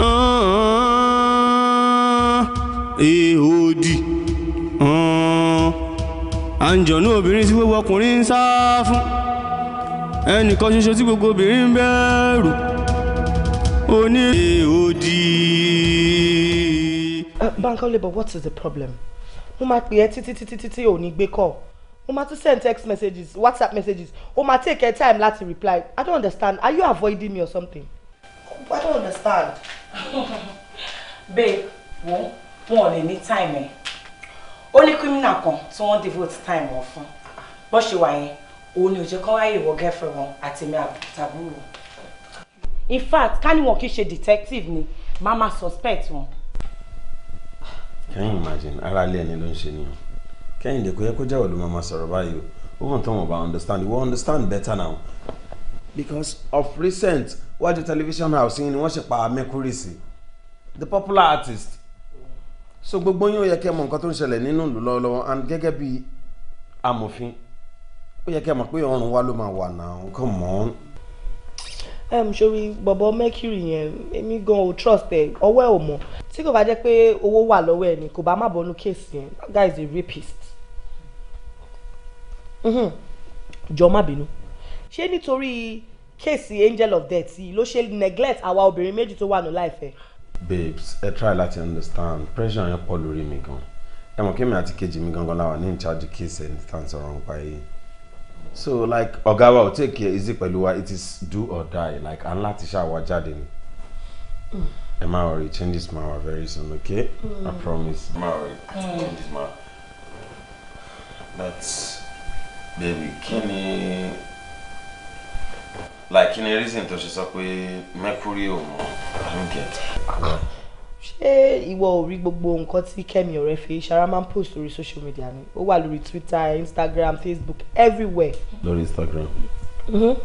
èèdì ah, ah, àǹjọ̀nú obìnrin tí gbogbo ọkùnrin ń sá fún ẹnìkan ṣoṣo tí gbogbo obìnrin ń bẹ̀rù oní èèdì. Eh, Bankole but what is the problem? mo máa pè ẹ́ títí títí títí ò ní gbé call o ma tún send text messages whatsapp messages o ma take your time láti reply i don't understand are you avoiding me or something i don't understand. babe wo wọn ò lè time ẹ ó ní criminal kan tí wọ́n devote time wọn fún bó ṣe wà yẹn òun ni ò jẹ́ kán ráyè wọ girlfriend wọn àti èmi àbúrò in fact can you wọn kì í detective ni Mama suspect wọn. can you imagine ara ilé ẹni ló ń ṣe nìyẹn kẹ́hìndé kò yẹ kó jẹ́wọ́ ló máa máa sọ̀rọ̀ báyìí o ó mọ̀ tán wọn understand we understand better now because of recent iwájú television house yìí ni wọ́n sì pa mercury sí the popular artist so gbogbo yín ó yẹ kẹ́ mọ̀ nǹkan tó ń ṣẹlẹ̀ nínú ìlú lọ́wọ́lọ́wọ́ and gẹ́gẹ́ bí amòfin ó yẹ kẹ́ mọ̀ pé ọrùn wa ló máa wà náà nǹkan mọ́ ọ́n um, sori bọ̀bọ̀ mercury yẹn èmi gan o trust ẹ ọwọ́ ẹ ò mọ̀ tí kò bá jẹ́ pé owó wà lọ́wọ́ ẹ ni kò bá má bọ́nu kéèsì yẹn that guy is a rapist mhm. jọ má bínú ṣé nítorí kéèsì angel of death yìí ló ṣe neglect àwa obìnrin méjì tó wà ní láìfẹ́. babes ẹ try láti understand pressure yẹn pọ̀ lórí mi gan ẹ mọ̀ kémi àti kejì mi gangan láwa ní in charge case ẹni tá à ń nípa yìí so like ọ̀gá wa ò take care easy pẹ̀lú wa it is do or die like à ń láti ṣàwọ̀ jáde ni. ẹ má worry change this man very soon okay mm. i promise ẹ má worry hmm. change this man but baby kí ni. Mm like kí ni reason tó ṣe sọ pé mercury ò mọ i don't get. ṣé ìwọ ò rí gbogbo nǹkan tí kẹ́mi ọ̀rẹ́ fi ṣara máa ń post lórí social media ni ó wà lórí twitter instagram facebook everywhere. lórí instagram. Mm-hmm.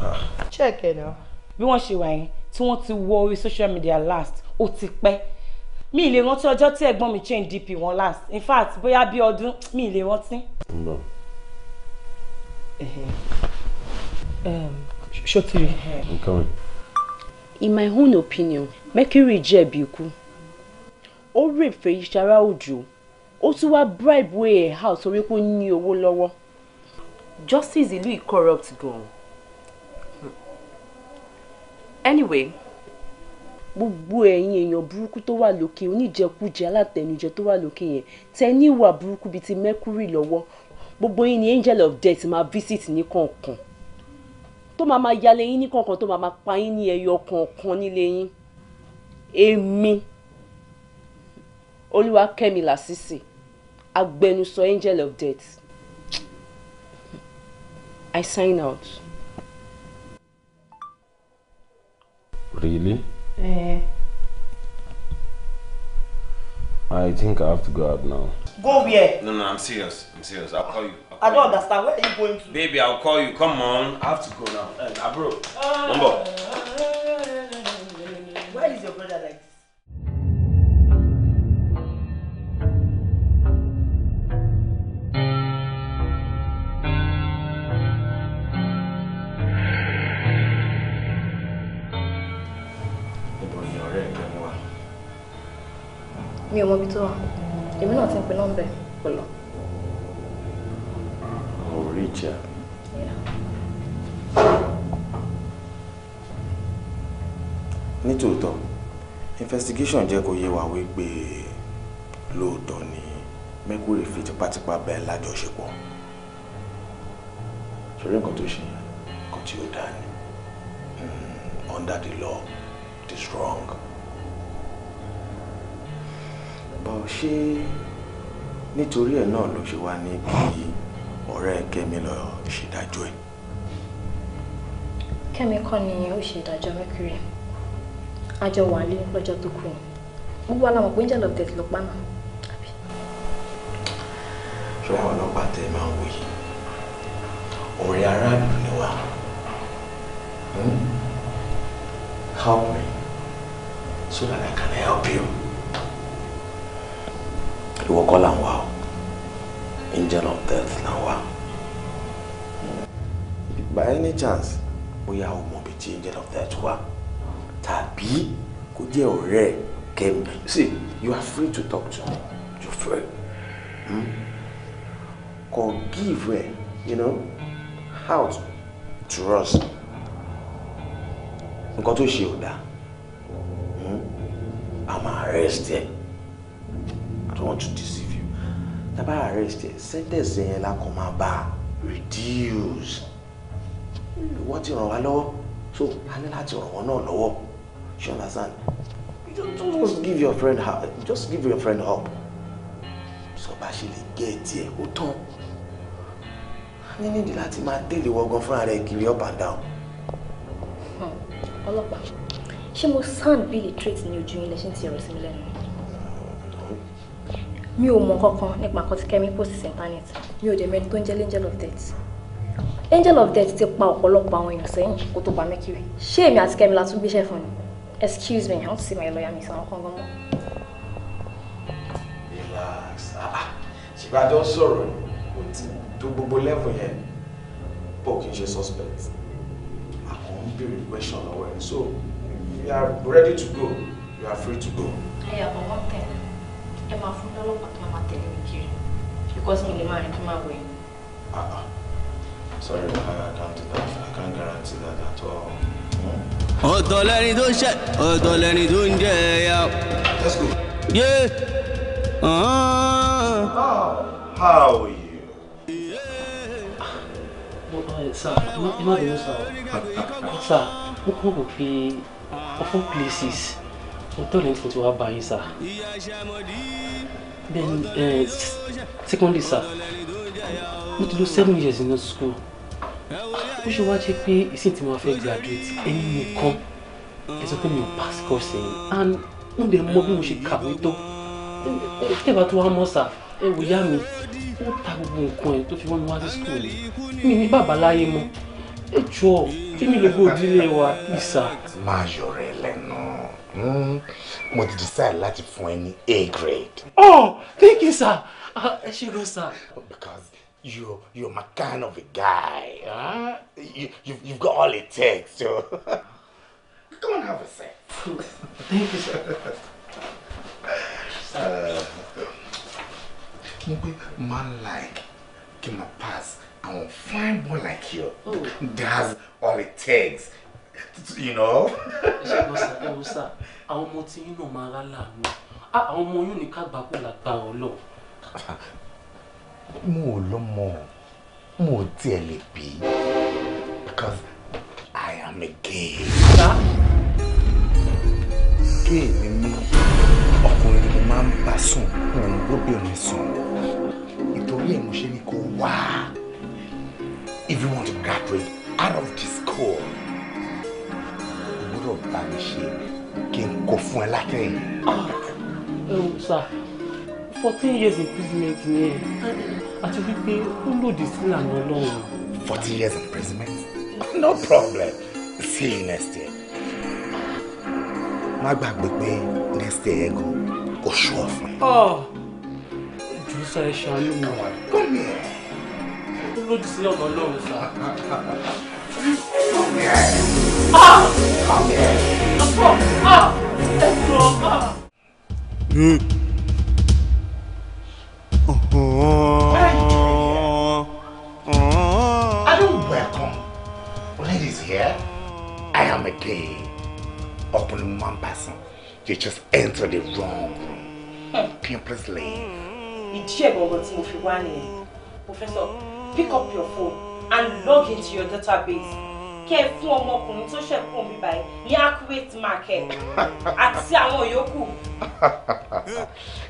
Ah. check ẹ̀ náà. bí wọ́n ṣe wà yẹn tí wọ́n ti wọ orí social media last ó ti pẹ́ mi ì lè rántí ọjọ́ tí ẹ̀gbọ́n mi change dp wọn last in fact bóyá bí ọdún mi ì lè rántí. Um, ṣọtiri. I'm coming. In my own opinion Mercury jẹ̀bi ikú ó rape Fèyíṣará Òjó ó tún wá bribe way ẹ̀ house torí pé ó ní owó justice is yìí corrupt gan anyway gbogbo ẹ̀yin èèyàn burúkú tó wà lókè oníjẹkújẹ alátẹnujẹ tó wà lókè yẹn tẹ ní ìwà burúkú bíi ti Mercury lọ́wọ́ gbogbo yín ni angel of death máa visit ní kọ̀ọ̀kan tó máa ma yalé yín ní kọ̀ọ̀kan tó máa ma pa yín ní ẹyọ kọ̀ọ̀kan nílé yín èmi Olúwakẹ́mi Lásìsì agbẹnusọ angel of death I sign out. Really? Eh. I think I have to go out now. Go where? No, no, I'm serious. I'm serious. I'll call you. I don't understand. Where are you going to? Baby, I'll call you. Come on. I have to go now. Uh, eh, nah, bro. Number. Why is your brother like this? mi ò mọ ibi tó wà èmi náà ti ń pe nọ́mbẹ̀ kò lọ. Wiecie. Nítòótọ́, investigation jẹ́ kó yé wa wípé lóòótọ́ ni Mercury fi tipátipá bá ẹ lájọṣepọ̀. Ṣorí nǹkan tó ṣe yẹn, nǹkan tí ó dá ni. Hmm, under the law, it is wrong. Bọ̀ ṣé nítorí ẹ̀ náà ló ṣe wá ní ibi yìí? ọ̀rẹ́ Kẹ́mi lọ ṣèdájọ́ ẹ̀. Kẹ́mi kọ́ ni ó ṣe ìdájọ́ Mercury àjọ wà lé lọ́jọ́ tó kù ni gbogbo aláwọ̀ pé ń jẹ́ lọ tẹ̀sí lọ pánà. ṣọ́ra ọlọ́pàá tẹ máa ń wòye ọ̀rẹ́ aráàlú ni wá hmm? help me so that I can help you. ìwọ kọ́ là ń wá o angel of death là ń wá by any chance bóyá o mọ̀ bí tí angel of that wà tàbí kó jẹ́ ọ̀rẹ́ kẹ́mi see you are free to talk to your friend. free hmm? forgive her you know out to us nǹkan to ṣe ò dáa hmm? I'm arrested. I don't want to deceive you. Taba arrested, sentence yẹn la kò máa bá reduce wọ́n ti ràn wá lọ́wọ́ so a ní láti ràn wọ́n náà lọ́wọ́ you understand just, just, give your friend help just give your friend help sọ bá ṣe lè gé ẹtì ẹ ó tán a ní nídìí láti máa tẹ̀lé wọ́gán fúnra rẹ̀ kiri up and down. Hmm, ọlọ́pàá ṣé mo sound bí literate ní ojú yín lẹ́sìn tí ọ̀rọ̀ sí mi lẹ́nu mi ò mọ kankan nípa nǹkan tí kẹ́mi post sí internet mi ò dẹ̀ mẹ́ni tó ń jẹ́ angel of death angel of death ti pa ọ̀pọ̀lọpọ̀ àwọn èèyàn sẹ́yìn kó tó pa mercury ṣé èmi àti kẹ́mi la tún gbéṣẹ́ fún ni excuse me i want to see my lawyer mi sàn kán gan mọ́. relax ah, ah. ṣìbájọ́ sọ̀rọ̀ kò ti tó gbogbo level yẹn pọ̀ kì í ṣe suspect àwọn ń béèrè question lọ́wọ́ ẹ̀ so you are ready to go you are free to go. ẹyà bọ̀ wọ́n tẹ̀ ẹ máa fún lọ́lọ́pàá tó máa tẹ̀lé mi kiri because mi lè máa rìn kí n máa wẹ̀. Ah, Sorry, I can't do that. I can't guarantee that at all. Hmm? Ọ̀tọ̀ lẹni tó ń ṣẹ̀, ọ̀tọ̀ lẹni tó ń jẹ ẹ̀yà. Let's go. Yeah. Uh-huh. Oh, how are you? Sir, I'm of all places, mo tọ́ lẹ́yìn tí mo ti wá sir. Then, eh, secondly sir, mo ti lò seven years in school ó ṣe wá jẹ́ pé ìsìn tí mo fẹ́ graduate ẹni nìkan ẹ sọ pé mi ò pass course yìí and mo dẹ̀ mọ bí mo ṣe kàwé tó tẹ́bà tó wá mọ́ sà ẹ wò yá mi ó ta gbogbo nǹkan ẹ̀ tó fi wọ́n mi wá sí school mi ní bàbá láyé mọ́ ẹ jọ èmi lè gbé òdílé wa ìsà. máa yọ rẹ lẹ́nu hmm, mo ti decide láti fún ẹ ní A grade. oh thank you sir ah, ẹ ṣe gan sir. because you're you're my kind of a guy. Huh? You, you've, you've got all it takes. So come on, have a seat. Thank you, sir. Uh, mo pe man like can ma pass àwọn fine boy like you. Oh. That's all it takes. You know? Ṣé mo sà ẹ wo sà àwọn ọmọ tí yín náà máa rá láàánú? Ah, àwọn ọmọ yóò ní ká gbàgbọ́ làgbà ọlọ́run mo ò lọ́mọ mo ò tiẹ̀ lè bí because I am a gay. gay ni mí ọkùnrin ni mo máa ń bá sùn mo ń gbóbìnrin sùn ìtorí ẹ̀ mo ṣe ní kó wá if you want to graduate out of this school o gbọ́dọ̀ bá mi ṣe kí n kó fún ẹ látẹ̀yìn. Ah, ẹ wò sá fourteen years imprisonment ni ẹ àti wípé ó lòdì sí ìlànà ọlọ́run. fourteen years imprisonment no problem see you next year. má gbàgbé pé next year yẹn gan kò ṣù ọ fún mi. Ah, jù ú sáré ṣàánú mi. come here. ó lòdì sí ìlànà ọlọ́run sá. come here. ah come here. ah ah ẹ jọ ah. You just enter the wrong room. Can Lane. please leave? Mm. Ìdí ẹ̀ Professor, pick up your phone and log into your database. Kẹ́ ẹ fún ọmọkùnrin tó ṣẹ̀kùn mi báyìí ní accurate market àti àwọn yòókù.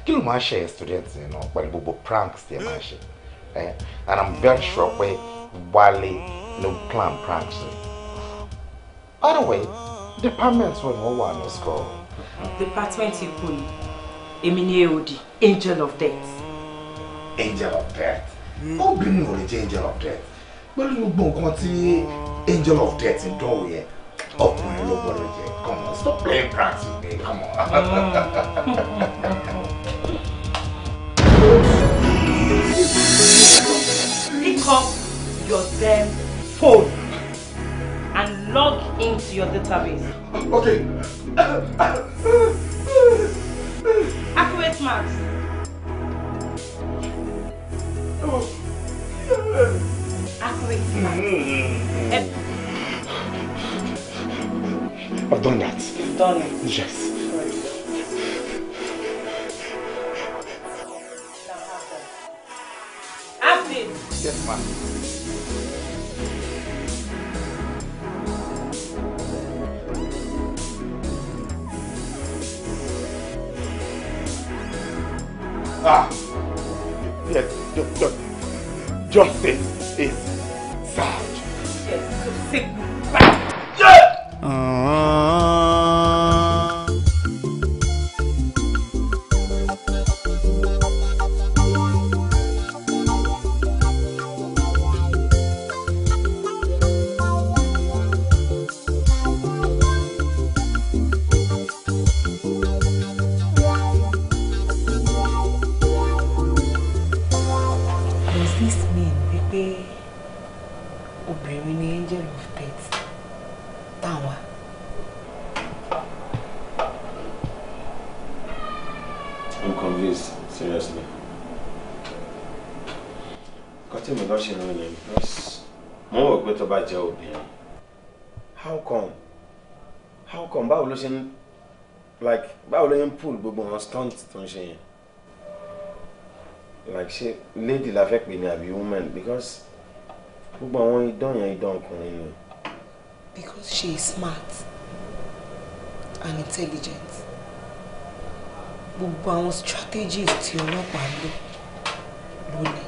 Kí ló máa ń ṣe ẹ̀ students yẹn náà pẹ̀lú gbogbo pranks tí ẹ eh, And I'm very sure pé Wálé no plan pranks. By the way, departments were no one in school department ikú ni èmi ni angel of death. angel of death obìnrin bring me the angel of death pẹ̀lú gbogbo nǹkan tí angel of death in dánwò yẹn ọkùnrin ló gbọ́dọ̀ come on stop playing pranks with me come on. pick up your damn phone and log into your database. okay. Accurate marks. Accurate marks. I've done that. You've done it. Yes. Yes, ma'am. Ah, yes, justice is served. Yes, so sick. gbogbo àwọn stunt tó ṣe yẹn like ṣe lady la fẹ́ pè ní àbí woman because gbogbo àwọn idán yẹn idán ọkùnrin ni. because she is smart and intelligent gbogbo àwọn strategies tí ọlọ́pàá lò lónìí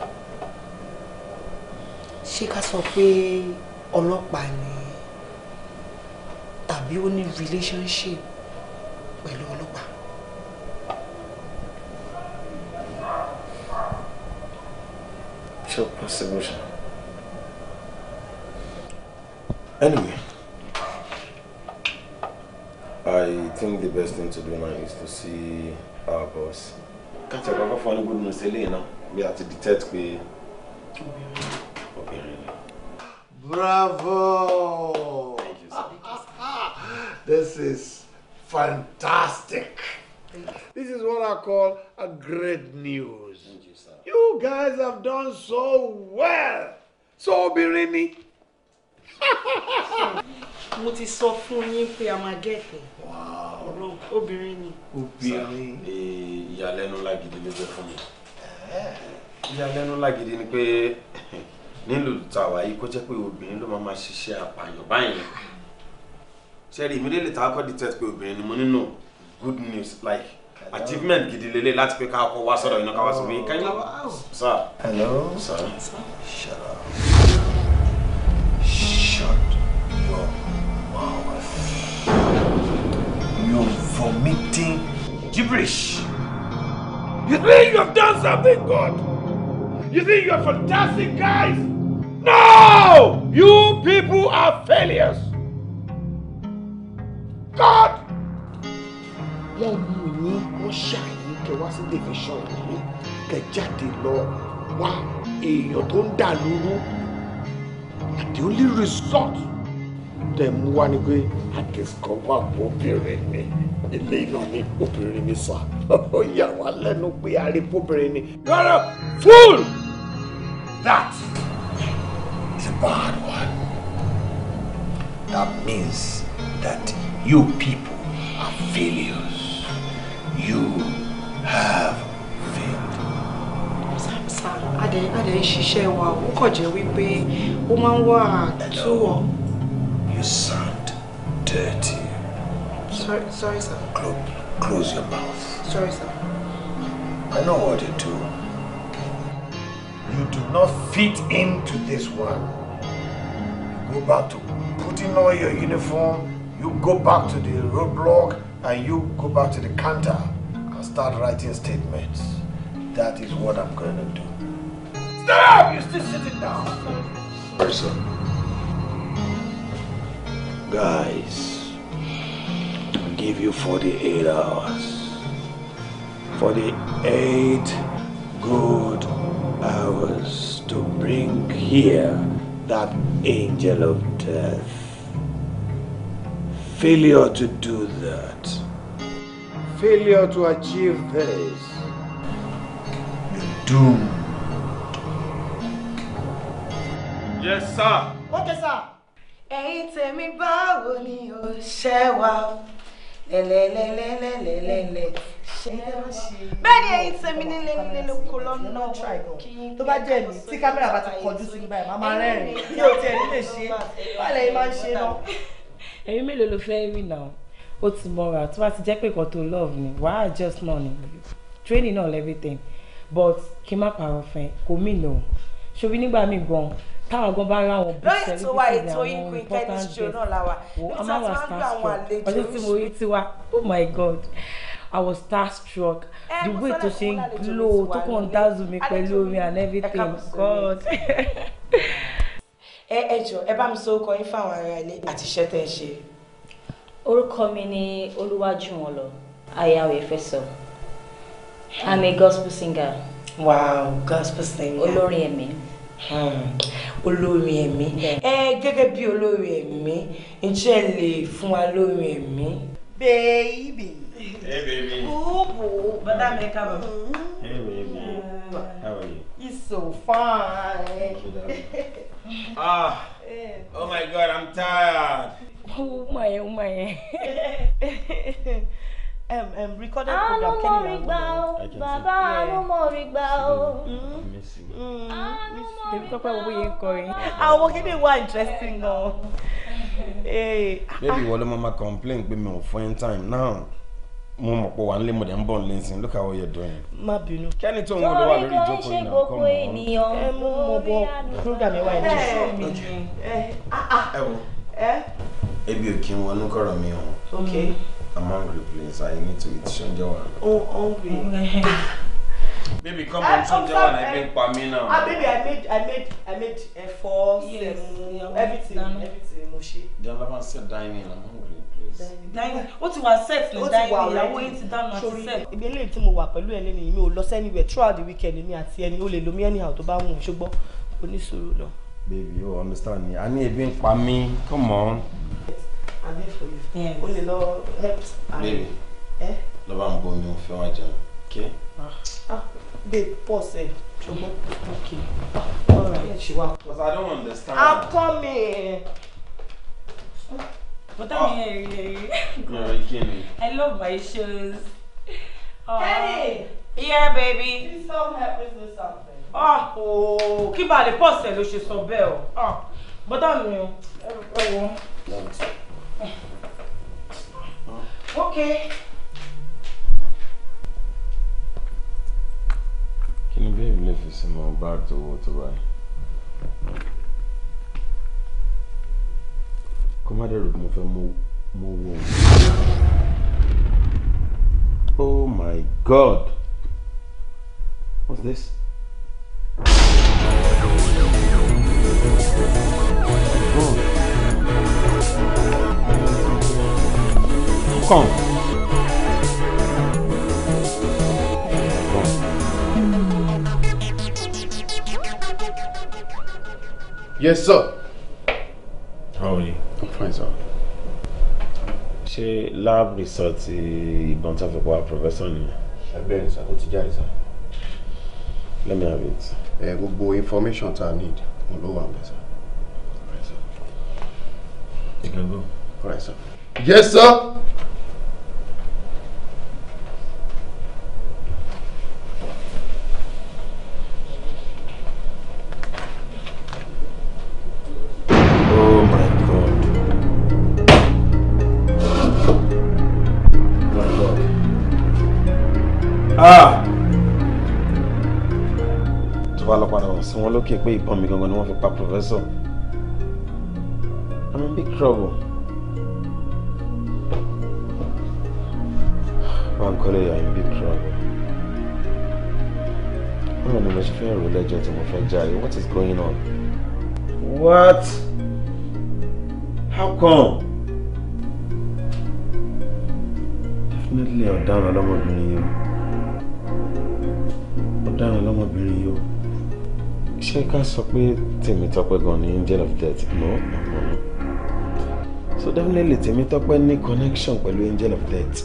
ṣé ká sọ pé ọlọ́pàá ni tàbí ó ní relationship pẹ̀lú ọlọ́pàá. actual contribution. Anyway, I think the best thing to do now is to see our boss. Catch a proper funny good news, Elena. We have to detect me. Bravo! Thank you, sir. this is fantastic. This is what I call a great news you guys have done so well. so obìnrin ni. mo ti sọ fún yín pé a máa gẹ̀ẹ́tì ọ̀rọ̀ obìnrin ni. obìnrin. ìyàlẹ́nu lágídí ló jẹ́ fún mi eh. ìyàlẹ́nu lágídí ni pé nílùú tàwa yìí kó jẹ́ pé obìnrin ló máa máa ṣiṣẹ́ àpààyàn báyìí ṣe rí ìmílẹ̀ lè ta akọ́ di test pé obìnrin ni mo nínú good news like achievement gidi lele láti pé ká kọ wá sọ̀rọ̀ iná ká wá sọ wíyí kányìn lọ́wọ́ sir. hello sir. shut up shut your mouth you're vomiting gibberish you think you have done something good you think you are fantastic guys no you people are failures god. Yeah, yeah ṣáà yìí kẹ wá sí tẹlifíṣàn yìí kẹ jáde lọ wá èèyàn tó ń dà lóru the only result tẹ mú wá ni pé àdìsọ́gbà obìnrin ni ilé náà ni obìnrin ni sà ó yà wá lẹ́nu pé àríkóbìnrin ni rárá fool that is a bad one that means that you people are failures you have failed. sir adé ń She wa ó kàn jẹ́ wípé ó máa ń wà you sound dirty. sorry sorry sir. Close, close your mouth. sorry sir. I know what you do. You do not fit into this one. You go back to putting on your uniform. You go back to the roadblock and you go back to the counter and start writing statements. That is what I'm going to do. Stop! You're still sitting down. Person. Guys, I'll give you 48 hours. 48 good hours to bring here that angel of death. Failure to do that. Failure to achieve this. You're doomed. Yes, sir. Okay, sir. Ẹ̀yin tèmi báwo ni o ṣe wà? Lẹ́lẹ́lẹ́lẹ́lẹ́lẹ́lẹ́ bẹ́ẹ̀ni ẹ̀yin tèmi nílé nílé ló kó lọ́nà tó bá jẹ́ mi tí kámẹ́rà bá ti kọjú sí báyìí máa máa rẹ́rìn-ín mi tiẹ̀ nílé ṣe báyìí máa ń ṣe náà. ẹ̀yin mélòó ló fẹ́ rí náà ó ti mọ́ra tó bá ti jẹ́ pé kan tó love ni wàá just náà ni training all everything but kí n má parọ́ fẹ́ kò mí nà ó ṣòbí nígbà míì gan táwọn gan bá rà wọn bí sẹ́lẹ̀ tó wà ètò ikú ìkẹ́ni ṣo náà làwà ọjọ́ tí mo rí tiwa oh my god i was starstruck the way tó ṣe ń glow tó kàn ń dazzle mi pẹ̀lú orin and everything god. ẹ ẹ jọ ẹ bá mi sọ orúkọ yín fáwọn ará ilé àti iṣẹ́ tẹ́ ẹ ṣe orúkọ mi ni Olúwajùwọ̀nlọ ayawe fẹsọ i'm a gospel singer. wow gospel singer. olórin ẹ̀mí. Hmm, olórin ẹ̀mí ẹ gẹ́gẹ́ bí olórin ẹ̀mí ǹjẹ́ lè fún wa lórin ẹ̀mí. baby. hey baby. bùbù bàtà mi kábọ̀. hey baby. Hmm. how are you. he's so fine. ah eh. oh my god i'm tired. Oh oh umaye umaye. um, um, recorded ah, program no more rigba o baba yeah. no more rigba o. èmi tọ́pẹ́ owó yẹn kọrin àwọn kíni wà interesting gan. bébì wọlé mama complain pé mi ò fún in time now mo mọ̀ pé wà ń lé mo dẹ̀ ń bọ̀ ń lé sí look how you're doing. má bínú. kẹ́ni tó ń wọlé wà lórí ìjókòó yìí náà kọ́ mọ́ ọ́n. ẹ mú mo bọ program ẹ wá ẹ jù. ẹ wọ. Eh? Ebi ò kí n wọnú kọ̀rọ̀ mi hàn. Okay. I'm hungry please, I need to eat Ṣanjẹ́wà. Oh, hungry. baby, come I, on, ah, Ṣanjẹ́wà na ebi eh, ń pa mí náà. Ah, baby, I made, I made, I made ẹ̀fọ́, yes. everything, everything mo ṣe. Jọlá bá ń ṣe dining, I'm hungry dining ó ti wà set ní dining ìyàwó yìí ti dáná àti set. ibi eléyìí tí mo wà pẹ̀lú ẹ̀ lẹ́nu mi ò lọ sẹ́niwẹ̀ throughout the weekend mi àti ẹni ó lè lo mi anyhow tó bá wù ú ṣùgbọ́n oníṣòro lọ baby you understand me I need ebi ń pa mí come on. I'm here for you o only lọ help baby Eh? bá ń bọ mi ò my job. okay. Ah. ah babe pause Eh? ṣùgbọ́n okay ah, all right ṣe wá. because i don't understand. i'm coming. But I'm oh. here, No, you kidding me. I love my shoes. Oh. Hey! Yeah, baby. Please come help me something. Ah, kí bá lè pọ̀sẹ̀ ló ṣe sọ bẹ́ẹ̀ o ah, bọ́dà mi o ẹ wọ. okay. kí ni bẹ́ẹ̀ lè fi sí mọ́ bá tó wọ́ tó báyìí. kó má dẹ̀rù mo fẹ́ mo wọ. oh my god what's this. Come. Yes, sir. How are you? I'm fine, sir. ṣé lab result ìbọn tó fi pa professor nìyẹn. ẹgbẹ́ ìsàkó ti jáde sá let me have it. ẹ gbogbo information tá a need mo ló wà mẹsà. All right, sir. Yes, sir. Oh oh ah! sọ wọ́n lókè pé ìbọn mi gangan ni wọ́n fi pa professor I'm in big trouble. Bankole you in big trouble. Báwo ni mo ṣe fẹ́ rò lẹ́jọ́ tí mo fẹ́ jáde? What is going on? What? How come? Definitely ọ̀daràn lọ́mọbìnrin yìí o. ọ̀daràn lọ́mọbìnrin yìí o ṣé ká sọ pé Tèmítọ́pẹ́ gan ni angel of death no no no no so definitely Tèmítọ́pẹ́ ní connection pẹ̀lú angel of death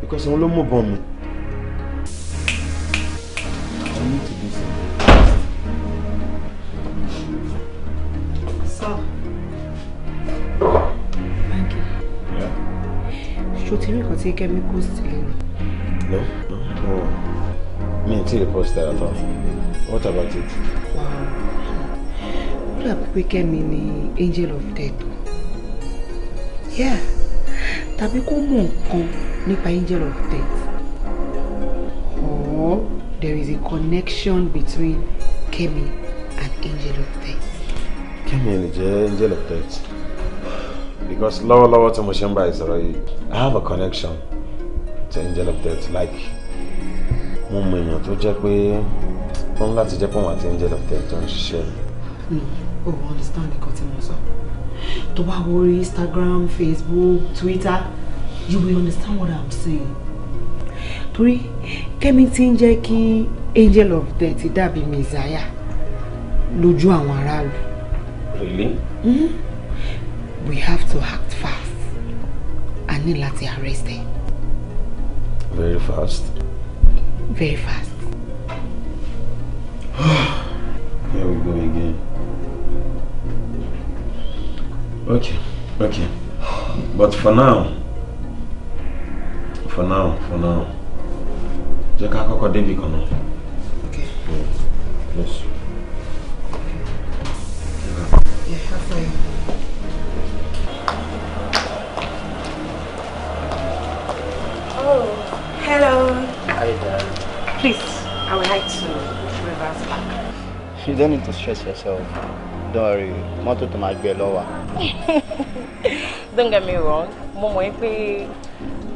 because òun ló mú bọ́n mi. I need to do something. ṣo ti rí nǹkan tí kẹ́mí post lè lò. hostel at all. What about it? Wow. All our people the angel of death. Yeah. Tàbí kò mọ̀ nǹkan nípa angel of death. Oh, there is a connection between Kemi and angel of death. Kemi ni jẹ́ angel of death. Because lọ́wọ́lọ́wọ́ tí mo ṣe ń bá I have a connection to angel of death like mo mọ èèyàn tó jẹ́ pé wọ́n láti jẹ́ pọ̀ àti angel of tó ń ṣiṣẹ́. mi ò understand nǹkan tí mo sọ tó bá wo Instagram Facebook Twitter you will understand what I'm saying torí kẹ́mi ti ń jẹ́ kí angel of death dàbí mizaya lójú àwọn aráàlú. really. Mm-hmm. we have to act fast a ní láti arrest him. very fast very fast. Here we go again. Okay, okay. But for now, for now, for now, jẹ́ ká kọ́kọ́ débi kan Okay. yes. You don't need to stress yourself. Don't worry, Motu to máa gbé lọ́wọ́. Don't get me wrong, mo mọ̀ pé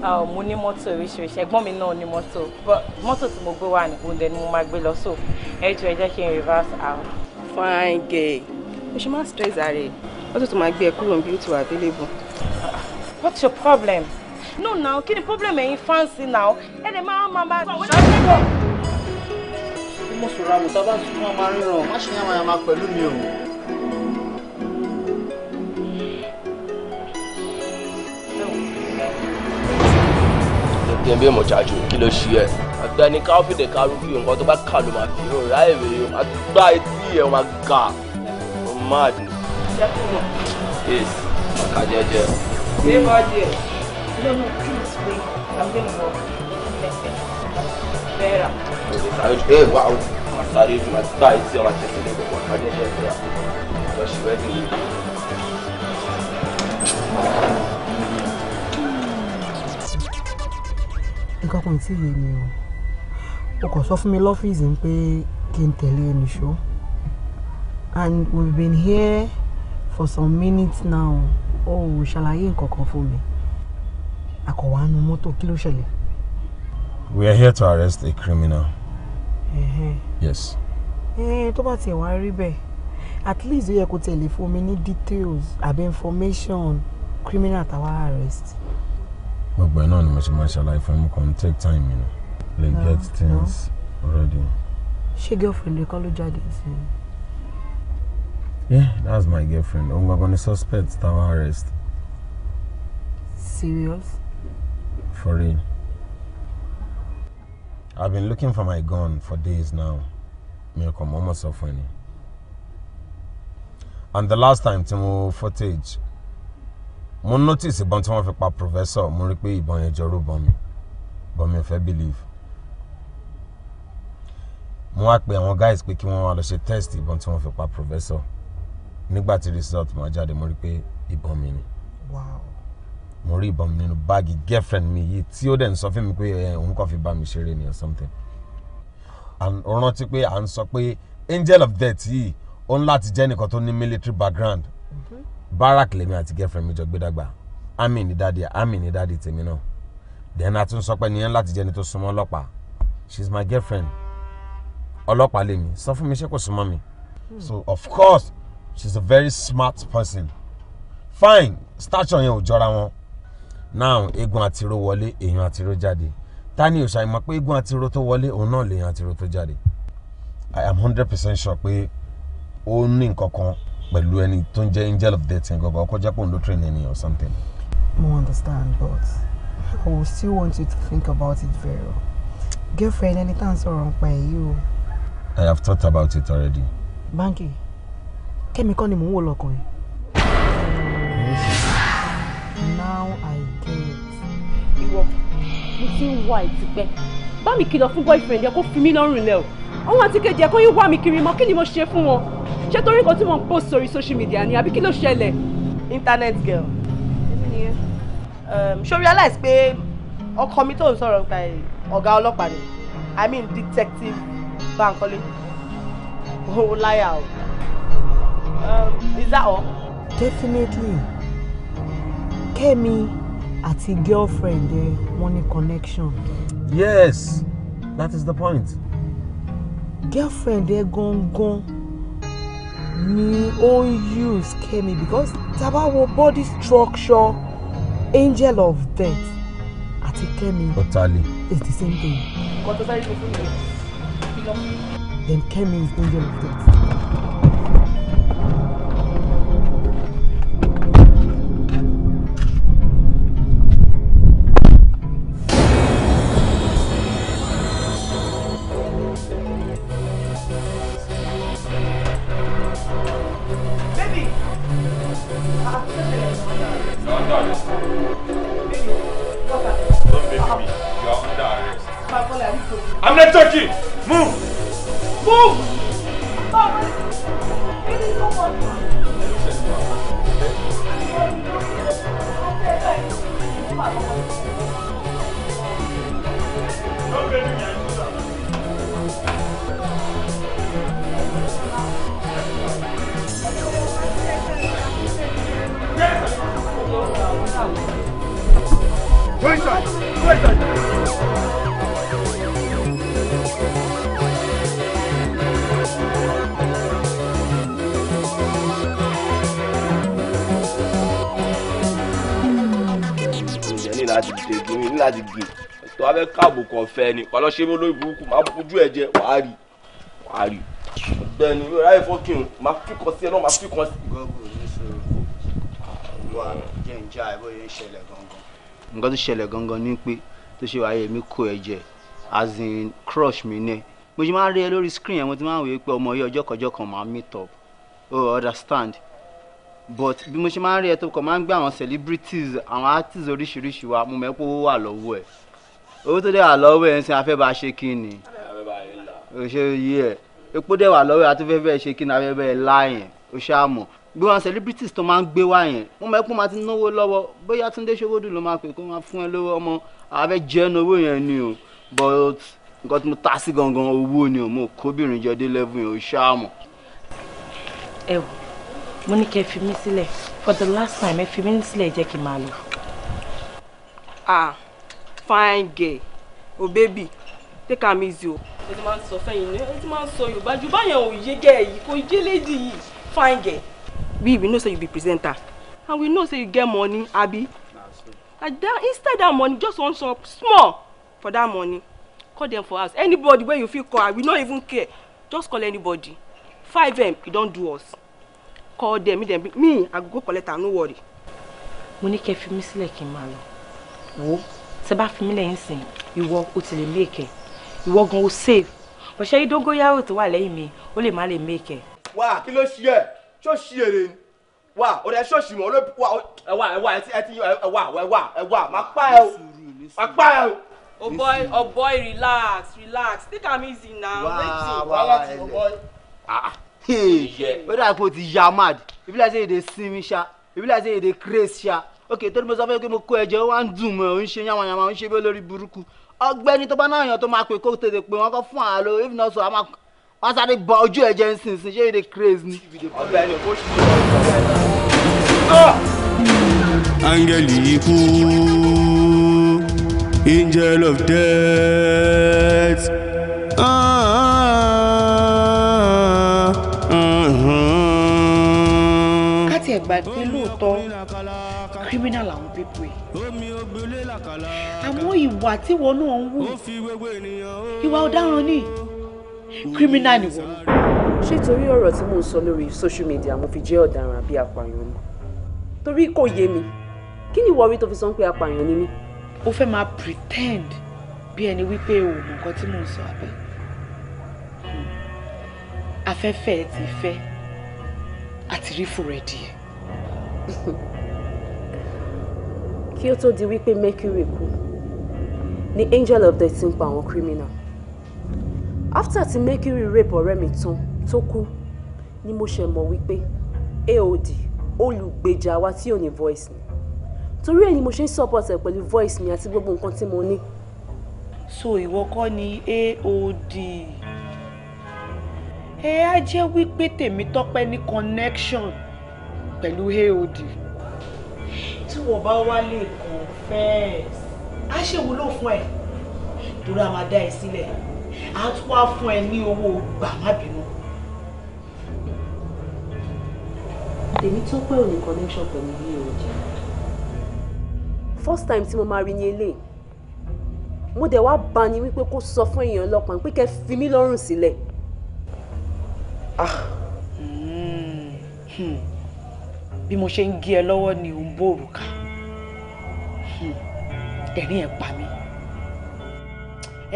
mo ní wish. oríṣiríṣi ẹ̀gbọ́n mi náà ní mọ́tò but mọ́tò tí mo gbé wà ní oúnjẹ ni mo máa gbé lọ so ẹ jọ ẹ jẹ́ kí reverse out. Fine gay. o should máa stress ara ẹ̀ to tó máa gbé ẹ kúrò níbi ti wà available. What's your problem? No now, kí ni problem ẹ̀yin fancy now? Ẹ dẹ̀ máa máa bá mùsùlùmá mùsàbá súnmọ́ máa ríran má ṣe yàmà yàmà pẹ̀lú mi o. tẹ̀m̀bẹ̀ mọ̀jájú kí ló ṣe ẹ́ àgbẹ̀ni káfíńdẹ̀ kárúkú yòó nǹkan tó bá kà ló máa fi hàn ráì rèé o máa gbá etí ẹ̀ máa gà ó máa dùn. yes màkà jẹjẹ. ṣé bá jẹ no no please wait i'm gonna work next time eh wow sorry in the book my and we've been here for some minutes now Oh, shall I nǹkan kan fún mi àkọ̀wá nu mọ́tò kí ló ṣẹlẹ̀. we are here to arrest a criminal yes. tó bá tiẹ̀ wá rí bẹ́ẹ̀ at least ó yẹ kó tẹ̀lé fún mi ní details àbí information criminal tàwa arrest. gbogbo ẹ̀ náà ni mo ṣe máa ṣàlàyé fún mi kàn take time you know. they ah, get things ready. ṣé girlfriend lè kọ́ ló jáde sí i. yeah that's my girlfriend òun gbàgbọ́ ni suspect tàwa arrest. serious. for real. I've been looking for my gun for days now. Mi ò kàn mọ́ mọ̀ And the last time tí mo footage mo notice ìbọn tí wọ́n fi pa professor mo rí pé ìbọn yẹn jọrú bọ́n mi bọ́n mi fẹ́ believe. Mo wá pe àwọn guys pé kí wọ́n wá lọ ṣe test ìbọn tí wọ́n fi pa professor nígbà tí result máa jáde mo rí pé ìbọn mi ni. Wow mo rí ìbọn mi nínú báàgì girlfriend mi yìí tí ó dẹ̀ ń sọ fún mi pé òun kàn fi bá mi ṣeré ni or something and ó rántí pé à ń sọ pé angel of death yìí ó ń láti jẹ́ nìkan tó ní military background mm-hmm. barak lèmi àti girlfriend mi jọ gbé dàgbà army ni dáàdi army ni dáàdi tèmi náà then a tún sọ pé nìyẹn láti jẹ́ni tó súnmọ́ ọlọ́pàá she is my girlfriend ọlọ́pàá lèmi sọ fún mi ṣé kò súnmọ́ mi hmm. so of course she is a very smart person fine stature yẹn ò jọra wọn now eegun àtiró wọlé èèyàn àtiró jáde ta ni òṣàyàn mọ̀ pé eegun àtiró tó wọlé òun náà lèèyàn àtiró tó jáde i am hundred percent sure pé ó ní nǹkan kan pẹ̀lú ẹni tó ń jẹ́ angel of death yẹn gangan ọkọ jẹ́ pé òun ló train ẹni or something. mo understand but i will still want you to think about it very well girlfriend ẹni tá à ń sọ̀rọ̀ ń pa èyí o. i have thought about it already. banki kẹ́mi kọ́ ni mò ń wò lọ́kùnrin ti ń wá ẹ̀ tipẹ́ bá mi kìlọ̀ fún boyfriend ẹ kó fi mí lọ́rùn lẹ o àwọn àti kejì ẹ kó yín wá mi kiri mọ́ kí ni mo ṣe fún wọn ṣé torí nǹkan tí mo ń post sórí social media ni àbí kí ló ṣẹlẹ̀. internet girl um, ṣó realize pé ọkọ mi tó ń sọ̀rọ̀ nípa ọ̀gá ọlọ́pàá ni i mean detective Bankole òun láyà o um, is that all. definitely Kẹ́mi. Okay, àti girlfriend ẹ wọ́n ní connection. yes that is the point. girlfriend ẹ gangan ni ó ń use Kemi because tá bá wo body structure angel of death àti Kemi. totally. it's the same thing. kọ́tọ́tà yìí fún mi. then Kemi is angel of death. fẹ́ ni wà lọ ṣe mí lórí burúkú máa bójú ẹ jẹ wàá rí wàá rí bẹ́ẹ̀ni yóò ráyè fọkì ń máa fi kàn sí ẹ náà máa fi kàn sí. gọ́gù ní sọ̀rọ̀ wà jẹ́ ń já ẹ̀bọ́ yẹn ṣẹlẹ̀ gangan. nǹkan tó ṣẹlẹ̀ gangan ni pé tó ṣe wáyé mi kó ẹ jẹ as in crush mi ní ẹ mo ṣe máa rí ẹ lórí screen yẹn mo ti máa wòye pé ọmọ yìí ọjọ́ kọjọ́ kan máa meet up oh understand but bí mo ṣe máa ń rí ẹ tó kọ máa ń gbé àwọn celebrities àwọn artists oríṣiríṣi wa mo mẹ́pọ̀ wà lọ́wọ́ ẹ̀ owó tó dẹ̀ wà lọ́wọ́ ẹ̀ ń sin afẹ́bà ṣe kí ni o yí ẹ̀ epo dẹ̀ wà lọ́wọ́ ẹ̀ àtúfẹ́fẹ́ ṣe kí ni afẹ́fẹ́ láàyàn o ṣàmù bí wọn celebrities tó máa ń gbé wá yẹn wọn máa ń kó máa ti náwó lọ́wọ́ bóyá Túndé Ṣòwòdù ló máa pè kó máa fún ẹ lówó ọmọ abẹ́ jẹ́ owó yẹn ni o but nǹkan tí mo ta sí gangan owó ni o mo kóbìnrin jọ dé level yẹn o ṣàmù. ẹ wò mo ní kẹ́ fi mí sílẹ̀ for the last time ẹ fi mí sílẹ̀ jẹ́ kí n máa lọ fine girl o baby take am easy o. ẹ ti máa ń sọ fẹ́yìn ní ẹ ti máa ń sọ yorùbá jù báyẹn ò yé gẹ̀ yìí kò yé lady yìí fine girl. we we know say you be presenter and we know say you get money abi and instead that money just one shop small for that money call them for house anybody wey you fit call and we no even care just call anybody five m e don do us call them, make dem bring me i go go collect am no worry. mo ní kẹ́ fi mí sílẹ̀ kí n máa lọ wò tẹ bá fi mí lẹ́yìn sìn ìwọ o ti lè make ẹ e. ìwọ gan o save bọ̀ṣẹ́ yìí dógóyàrò tó wà lẹ́yìn mi ó lè má lè make ẹ. E. wà á kí ló ṣe ẹ ṣọ́ọ̀ṣì èrè ni wà ó dẹ ṣọ́ọ̀ṣì mọ́ ló wà ẹ̀wà ẹ̀wà ẹ̀tí ẹ̀wà ẹ̀wà ẹ̀wà má pa ẹ o má pa ẹ o. oh boy oh boy relax relax take am easy now Wow, wow. ti oh boy. ó dà pé o ti ya mad if you like say you dey sin mi ṣá if you like say you dey craze ṣá ok torí mo sọ fún yín mo kó ẹjẹ wá ń dùn mọ́ ò ń ṣe yánwanyánwa ò ń ṣe bí olórí burúkú ọ̀gbẹ́ni tó bá náà yàn tó máa pè kó tètè pé wọn kọ fún àlọ if not so àmà sáré bọ ojú ẹ̀jẹ̀ ń sìn sìn ṣé èdè craze ni. ọ̀gbẹ́ni ikú angel of death. Ah. ah, ah, ah tiẹ̀ gbà pé lóòótọ́ criminal àwọn pípọ̀ yìí. omi obìnrin làkàlà. àmọ́ ìwà tí wọn náà ń wù. ó fi gbogbo ènìyàn ó. ìwà ọ̀daràn ni criminal ni wọn. ṣé torí ọ̀rọ̀ tí mò ń sọ lórí social media mo fi jẹ́ ọ̀daràn àbí apààyàn ni torí kò yé mi kí ni ìwọrí tó fi sọ pé apààyàn ni mí. ó fẹ́ máa pretend bí ẹni wípé o mọ̀ nǹkan tí mò ń sọ abẹ́ hmm. afẹ́fẹ́ ti fẹ́ àti rí fúrẹ́dì kí ó tó di wípé mercury kú ni angel of death ń pa àwọn criminal after ti mercury rape ọ̀rẹ́ mi tán tó kú ni mo ṣe mọ̀ wípé aod olùgbèjà wa tí ò ní voice ni torí ẹ̀ ni mo ṣe ń support ẹ̀ pẹ̀lú voice mi àti gbogbo nǹkan tí mo ní. so ìwọ kọ́ ni aod ẹ á jẹ́ wípé Tèmítọ́pẹ́ ní connection pẹ̀lú aod wọ́n bá wá lè confess á ṣèwò fún ẹ̀ torí a máa dá ẹ sílẹ̀ á tún wá fún ẹ ní owó gbà má bínú. tèmi tó pé connection pẹ̀lú ilé ọjà. first time tí mo máa rí ní eléyìí mo dẹ̀ wá bá ni wípé kó sọ fún èèyàn ọlọ́pàá pé kẹ́ fi mí lọ́rùn sílẹ̀. ah hmm, hmm. bí mo ṣe ń gé ẹ lọ́wọ́ ni ò ń bòrùka he ẹ̀rín ẹ̀ pa mí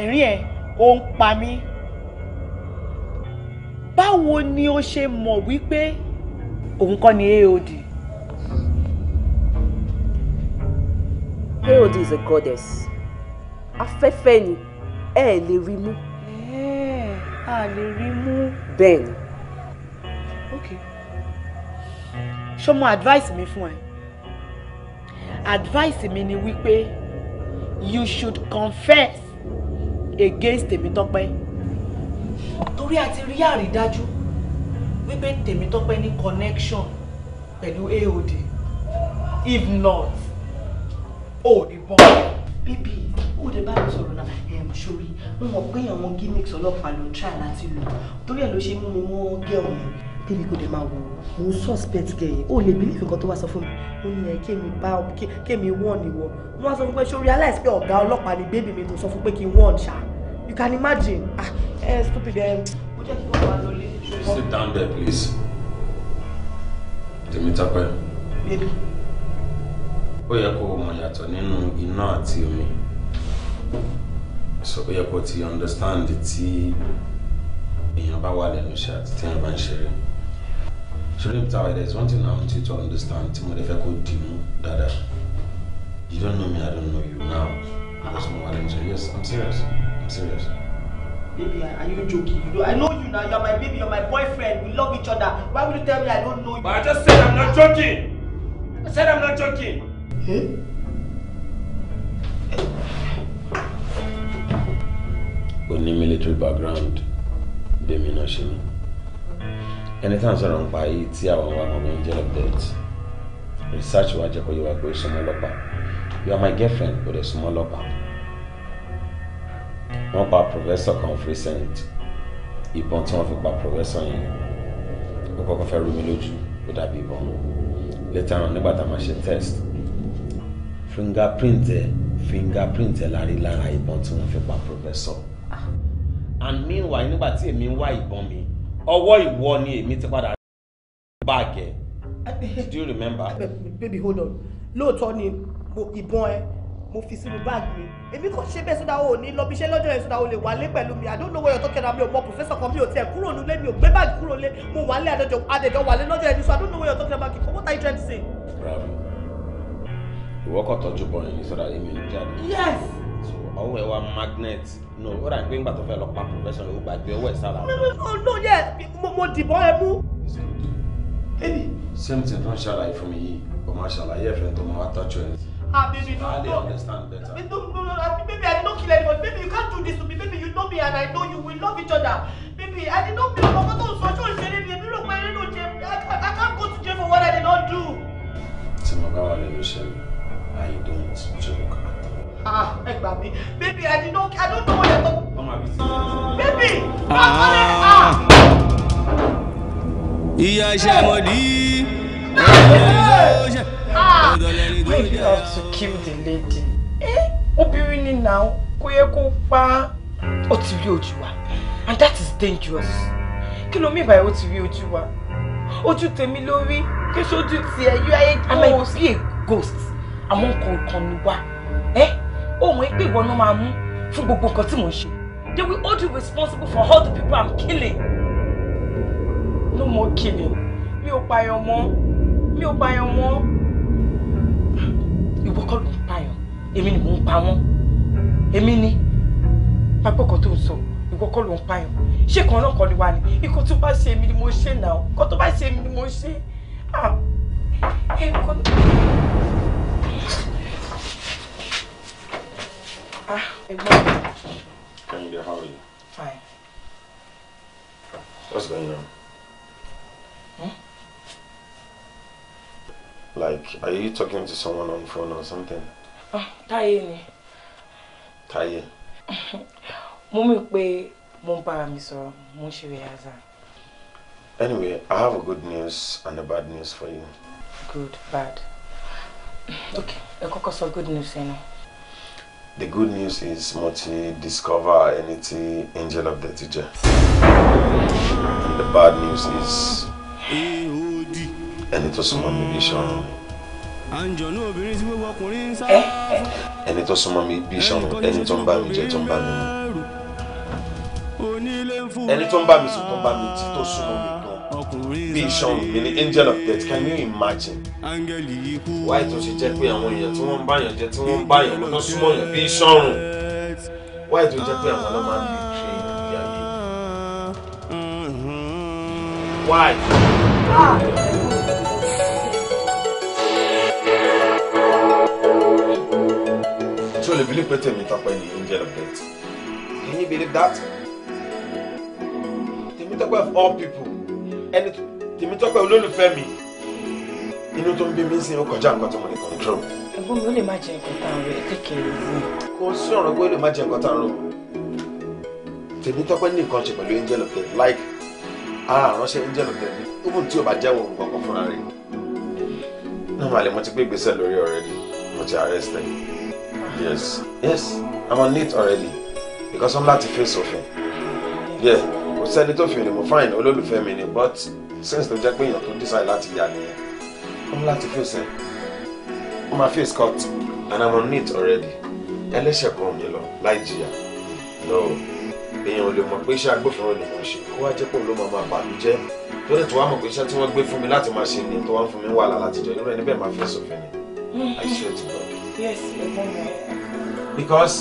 ẹ̀rín ẹ̀ ó ń pa mí báwo ni o ṣe mọ̀ wípé òun kọ́ ni aod. aod is a goddess afẹ́fẹ́ ni ẹ ẹ̀ lè rí mú. a lè rí mú. bẹ́ẹ̀ ni. ok ṣọmọ advice mi fún ẹ advice mi ni wípé you should confess against Tèmítọ́pẹ́ torí a ti rí àrídájú wípé Tèmítọ́pẹ́ ní connection pẹ̀lú AOD if not ò ní bọ́. bíbí ó lè bá mi sọ̀rọ̀ náà sórí mo mọ̀ pé àwọn gimmicks ọlọ́pàá ló ń try láti lò torí ẹ̀ ló ṣe mú mi mú gẹ́ ọ̀hún èmi kò dẹ̀ máa wò mo suspect gẹ̀yìn ó lè believe nǹkan tó wá sọ fún mi ó ní ẹ kémi bá kémi wọ́n ni wọ wọ́n wá sọ fún pé ṣó realize pé ọ̀gá ọlọ́pàá ni bébì mi tó sọ fún pé kí n wọ́n ṣá you can imagine ah ẹ stupid ẹ sit down there please tèmi tapẹ́ ó yẹ kó o mọ̀ yàtọ̀ nínú iná àti omi so ó yẹ kó o ti understand ti èèyàn bá wà lẹ́nu iṣẹ́ àti téèyàn bá ń ṣeré. Sheriff Tower, there's one thing I want you to understand. Timodefe could Dimu, Dada. You don't know me, I don't know you now. Because more I'm serious. I'm serious. I'm serious. Baby, are you joking? You know, I know you now. You're my baby. You're my boyfriend. We love each other. Why would you tell me I don't know you? But I just said I'm not joking. I said I'm not joking. Hmm. ó ní military background bẹ́ẹ̀ mi náà ẹni tá à ń sọ̀rọ̀ nípa yìí tí àwọn wa mọ̀ angel of death research wa jẹ́ kó yẹ wa pé ó ọlọ́pàá you are my girlfriend kò dẹ̀ súnmọ́ ọlọ́pàá wọ́n pa professor kan recent ìbọn tí wọ́n fi pa professor yẹn ó kọ́kọ́ fẹ́ rú mi lójú ó dàbí ìbọn later on nígbà tá a máa ṣe test fingerprint ẹ fingerprint ẹ la rí lára ìbọn tí wọ́n fi pa professor ah. and meanwhile nígbà tí èmi ń wá ìbọn mi ọwọ́ ìwọ ni èmi ti padà rí báàgì ẹ do you remember. Eh, baby hold on lóòótọ́ ni ìbọn ẹ mo fi sínú báàgì mi èmi kò ṣe bẹ́ẹ̀ sódà o ní lọ bí iṣẹ́ lọ́jọ́ yẹn sódà o lè wálé pẹ̀lú mi i don't know where you're talking about mi ò mọ professor kan mi ò tiẹ̀ kúrò nílé mi ò gbé báàgì kúrò lé mo wálé àdéjọ àdéjọ wálé lọ́jọ́ yẹn so i don't know where you're talking about mi what are you trying to say. rabi ìwọ kò tọ́jú bọyìn ní sọdá èmi ní jáde. yes so ọwọ́ ẹ magnet no ó dàbí pé ńgbà tó fẹ́ lọ pa profession ó gbàgbé ọwọ́ ẹ sára. ọlọ́run oh, yẹ mo dìbọn ẹ mú. ẹni sẹ́mìtì tó ṣàlàyé fún mi yìí kò máa ṣàlàyé ẹ̀fẹ̀ tó máa tọ́jú ẹ. Ah, baby, I no. understand better. Baby, no, no, no, baby, I don't kill anyone. Baby, you can't do this to me. Baby, you know me and I know you. We love each other. Baby, I did not mean for I was saying. Baby, look, my little I can't go to jail for what I did not do. Timagawa, let me show I don't joke. Ah, baby i don't know what you talk. baby bàbá ah. rẹ. Ah. ìyá iṣẹ́ mo dì have to kill the lady. Eh? obìnrin ni now kò yẹ kó pa ó ti rí ojú wa and that is dangerous kí ló mí báyìí ó ti rí ojú wa ojú tèmi ló rí kí sójú tiẹ̀ yú ayé ghost àmọ́ ìbí a ghost àmọ́ nǹkan kan ni wá Eh? òun ẹgbẹ́ ìwọ náà máa mú fún gbogbo nǹkan tí mò ń ṣe they will hold you responsible for all the people i'm killing no more killing mi ò pààyàn mọ́ mi ò pààyàn mọ́ ìwọ kọ́ ló ń pààyàn èmi ni mò ń pa wọ́n èmi ni pápẹ́ kan tó ń sọ ìwọ kọ́ ló ń pààyàn ṣé kan náà kọ́ ni wá ni ikú tó bá ṣe èmi ni mo ṣe náà kó tó bá ṣe èmi ni mo ṣe ah Ah, you Kẹ́hìndé, how are you? Fine. What's going on? Hmm? Like, are you talking to someone on the phone or something? Ah, Táyé ni. Táyé? Mumu mọ̀ pé miso ń bára Anyway, I have a good news and a bad news for you. Good, bad. Okay, ẹ kọ́kọ́ sọ good news ẹ náà. The good news is mo discover ẹni angel of the teacher. And the bad news is ẹni tó súnmọ́ mi bí iṣẹ́ ọ̀run mi. Ẹni tó súnmọ́ mi bí iṣẹ́ ọ̀run ẹni vision mi ni angel of death can you imagine. Why tó ṣe jẹ́ pé àwọn èèyàn tí wọ́n ń báyàn jẹ́ tí wọ́n ń báyàn lọ́dún súnmọ́ yàn bí sọ́run wáyé tó jẹ́ pé àwọn ọlọ́ máa ń bí ṣe ìdí ayé. wáyé. tí o lè bí lè pété mi tọpẹ angel of death can you believe that? Temitope of all people. ẹni tèmi tọ́pẹ́ olólùfẹ́ mi inú tó ń bí mi ń sin kọjá nǹkan tó control. mi ó lè má jẹ nǹkan tá à kékeré mi. kò sí ọ̀rọ̀ pé ó lè má jẹ nǹkan tá à ṣe pẹ̀lú angel of death like ara àránṣẹ́ angel of death ó tí bá jẹ́wọ́ mo ti gbé ìgbésẹ̀ lórí already mo ti arrest ẹ̀. yes yes i'm on it already because i'm kò sẹ́ni tó fèrè mọ́ fáìn olólùfẹ́ mi ni but since tó jẹ́ pé èèyàn tó decide láti yà nìyẹn wọ́n láti fèsì wọ́n máa face cut and i'm on it already ẹlẹ́ṣẹ̀ kan mi lọ láì jìyà lọ èèyàn ò lè mọ̀ pé iṣẹ́ agbófinró ni wọ́n ṣe kó wá jẹ́ pé òun ló máa máa bàlú jẹ́ tó dẹ̀ tó wá mọ̀ pé iṣẹ́ tí wọ́n gbé fún mi láti máa ṣe ni tó wá ń fún mi wàhálà láti jọ níbẹ̀ níbẹ̀ máa fẹ́ sọ̀fin ni i swear to God. yes because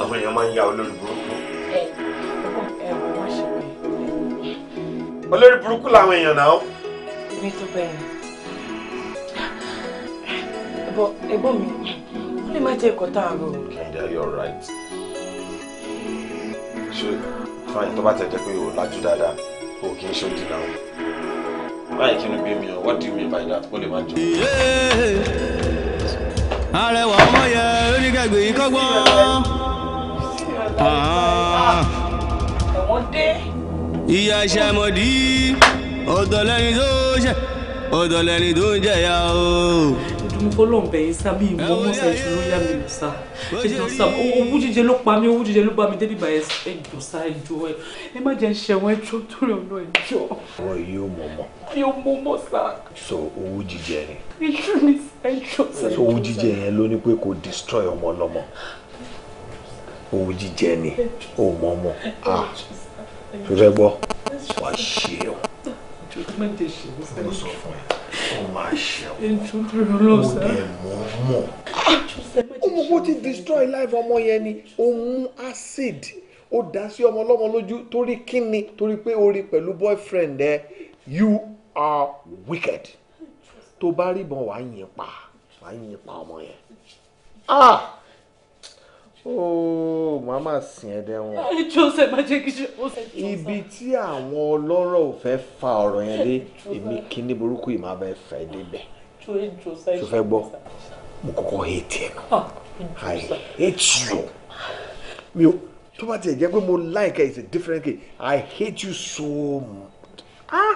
àwọn èèyàn máa ń ya olórí burúkú. olórí burúkú làwọn èèyàn náà. èmi tó bẹ́ẹ̀ ni ẹ̀bọ̀ mi ó lè má jẹ́ ẹ̀kọ́ tá a rò. kinda you're right. ṣé fine tó bá tẹ̀ jẹ́ pé o lajú dáadáa o kì í ṣe òdì náà. báyìí kí ni bí mi o what do you mean by that ó lè má jọ. arẹwà ọmọ yẹ oníkẹgbẹ yìí kọ́gbọ́n. Ah. ẹ̀wọ̀n dé ìyá ṣàmọ̀dí ọ̀dọ̀ lẹ́ni tó ṣẹ̀ ọ̀dọ̀ lẹ́ni tó ń jẹ̀yà o. ìdúnkọ́lọ̀ ń bẹ̀yìn sá ọmọ ṣe ìṣòro yá mi lò sá ẹjọ sá owó jíjẹ ló pa mí owó jíjẹ ló pa mí débi bàyẹ̀ ẹjọ sá ẹjọ ẹ ẹ má jẹ́ ṣẹ̀wọ̀n ẹjọ torí ọ̀nà ẹjọ. wọ́n yóò mọ̀ mọ́. yóò mọ̀ mọ́ sá. sọ owó jíjẹ ni. ẹjọ ni ẹjọ sá. sọ owó jíjẹ yẹn ló ní pé kò destroy ọmọ ọlọmọ owó jíjẹ ni òun mọ̀ mọ́ fífẹ́ gbọ́ wàá ṣe o mo sọ fún ẹ o ọmọ bó ti destroy life ọmọ yẹn ni ó acid ó dá sí ọmọ ọlọ́mọ lójú torí kíni torí pé o pẹ̀lú boyfriend ẹ you are wicked tó bá rí ìbọn wàá yìn pa wàá yìn pa ọmọ yẹn. ah Oh, màá máa sìn ẹ́ dẹ́wọ̀n. joseph má jẹ́ kí joseph. ibi tí àwọn ọlọ́rọ̀ ò fẹ́ fa ọ̀rọ̀ yẹn dé èmi kíní burúkú yìí máa bẹ fẹ́ débẹ̀. tó fẹ́ gbọ́ mo kọ́kọ́ hate ẹ̀ nù ah, i hate you mi ò tó bá tiẹ̀ jẹ́ pé mo like it. is a different case i hate you so much ah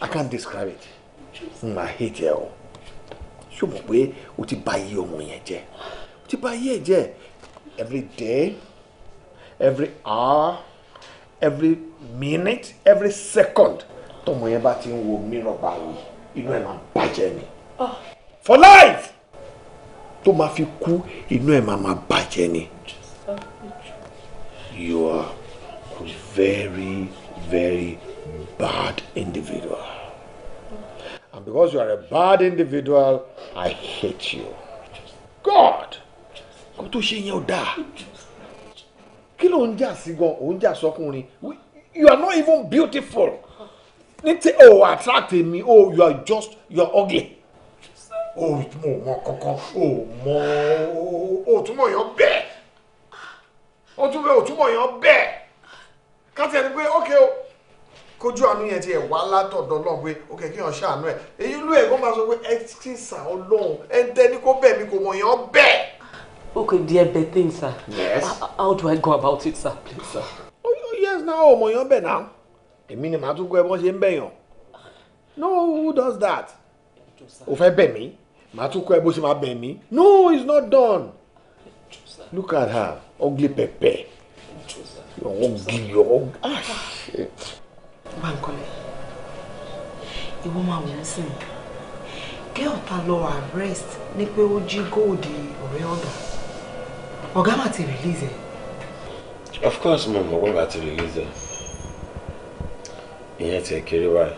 i can't describe it mm, i hate ẹ o ṣùgbọ́n pé o ti bà iye ọmọ yẹn jẹ́ o ti bà iye ẹ jẹ́ every day, every hour, every minute, every second tọmọ yẹn bá ti ń wo mìíràn báyìí inú ẹ̀ máa bàjẹ́ ni ah. for life tó máa fi kú inú ẹ̀ máa máa bàjẹ́ ni you are a very very bad individual and because you are a bad individual I hate you God kó tó ṣe yẹn ò dáa kí ló ń jà sí gan òun jà sọkùnrin you are not even beautiful ní tí o attract mi o you are just you are ugly o mo mọ kankan o mọ o túmọ̀ yàn bẹ́ẹ̀ o túmọ̀ o túmọ̀ yàn bẹ́ẹ̀ ká tiẹ̀ ni pé ok o kójú àánú yẹn ti ẹ̀ wá látọ̀dọ̀ náà pé ok kí yàn ṣàánú ẹ̀ èyí ló ẹ̀ kó máa sọ pé ẹ kí n sà ọlọ́run ẹ ń tẹ́ ní kó bẹ̀ mí kò mọ̀ yàn bẹ́ẹ̀. Okay, dear Bethin, sir. Yes. How, how do I go about it, sir? Please, sir. Oh, yes, now, ọmọ yẹn bẹ̀ náà. Èmi minimum màá tún kọ́ ẹ bọ́n No, who does that? O fẹ́ bẹ̀ me? Màá tún kọ́ ẹ bó ṣe No, it's not done. Look at her, ugly pepe. You're ugly, you're ugly. Ah, shit. Bankole, ìwọ máa wò Get sìn. Gẹ́ọ̀ta lọ arrest ní pé ó jí góòdì ọ̀rẹ́ ọ̀dọ̀ ọ̀gá mà ti release ẹ̀. of course mo mọ̀ pé màá ti release ẹ̀ ìyẹn ti kéré wáyé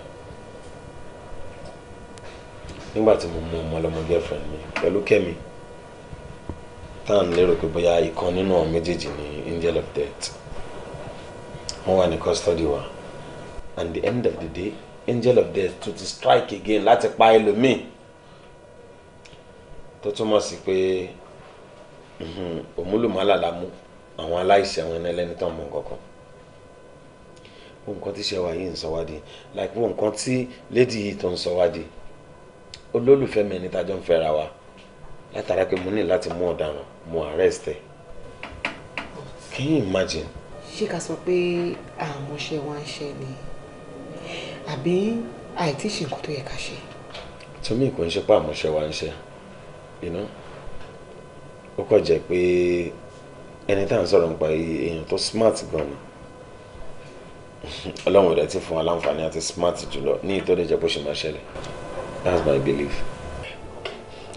nígbà tí mo mú ọmọ ọlọmọ girlfriend mi pẹ̀lú kẹ́mi tá à ń lérò pé bóyá ìkan nínú àwọn angel of death wọ́n wà ní custody wa and the end of the day angel of death to ti strike again láti pa ẹlòmíì tó túmọ̀ sí pé. Mhm. òmúlùmálà la mú àwọn aláìsí àwọn ẹni ẹlẹ́ni tán mọ̀ kankan wọn nǹkan tí ṣẹwà yìí ń sọ wá di like wọn nǹkan tí lady yìí tó ń sọ wá di olólùfẹ́ mi ẹni tájọ́ ń fẹ́ra wa látara pé mo ní láti mú ọ̀daràn mo arrest ẹ̀ can you imagine. ṣé ká sọ pé àmọ́ṣe wa ń ṣe ni àbí àìtíṣe nǹkan tó yẹ ká ṣe. to me kò ń ṣe pé àmọ́ṣe wa ń ṣe you know ó kọ̀ jẹ́ pé ẹni tá à ń sọ̀rọ̀ nípa èèyàn tó smart gan ni ọlọ́run ìdẹ̀tí fún wa láǹfààní àti smart jùlọ ní ìtọ́jú ìjẹ́ bó ṣe máa ṣẹlẹ̀ that's my belief.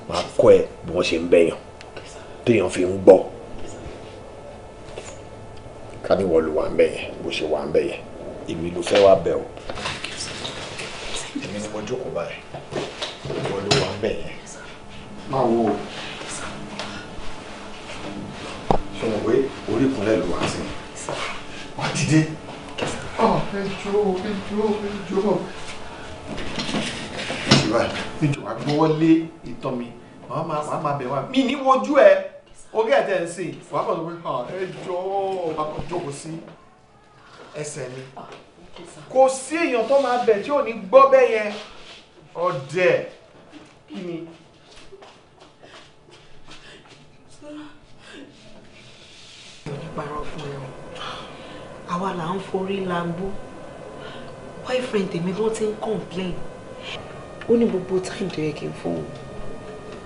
máa kọ́ ẹ bí wọ́n ṣe ń bẹ̀yàn téèyàn fi ń gbọ́ káníwọ̀ ló wà ń bẹ̀yẹn bó ṣe wà ń bẹ̀yẹn èmi ló fẹ́ wá bẹ̀ o èmi ni mo jókòó báyìí ìwọ ló wà ń bẹ̀yẹn. máa wo tó mọ̀ pé orí ìkúnlẹ̀ ló wá sí wá ti dé. ẹjọ́ ẹjọ́ ẹjọ́ ìjọba ìjọba gbọ́wọ́lé ìtọ́ mi màá máa máa bẹ̀ wá mi ní wojú ẹ orí ẹ̀tẹ̀ ń sìn wà á kàn sọ pé ẹjọ́ ọba kan jókòó sí ẹsẹ̀ mi kò sí èèyàn tó máa bẹ̀ tí ò ní gbọ́ bẹ́yẹn ọ̀dẹ̀ kí ni. parọ́ fún ẹ o àwa là ń forí lagbó boyfriend tèmi gan ti ń complain ó ní gbogbo time tó yẹ kí n fóun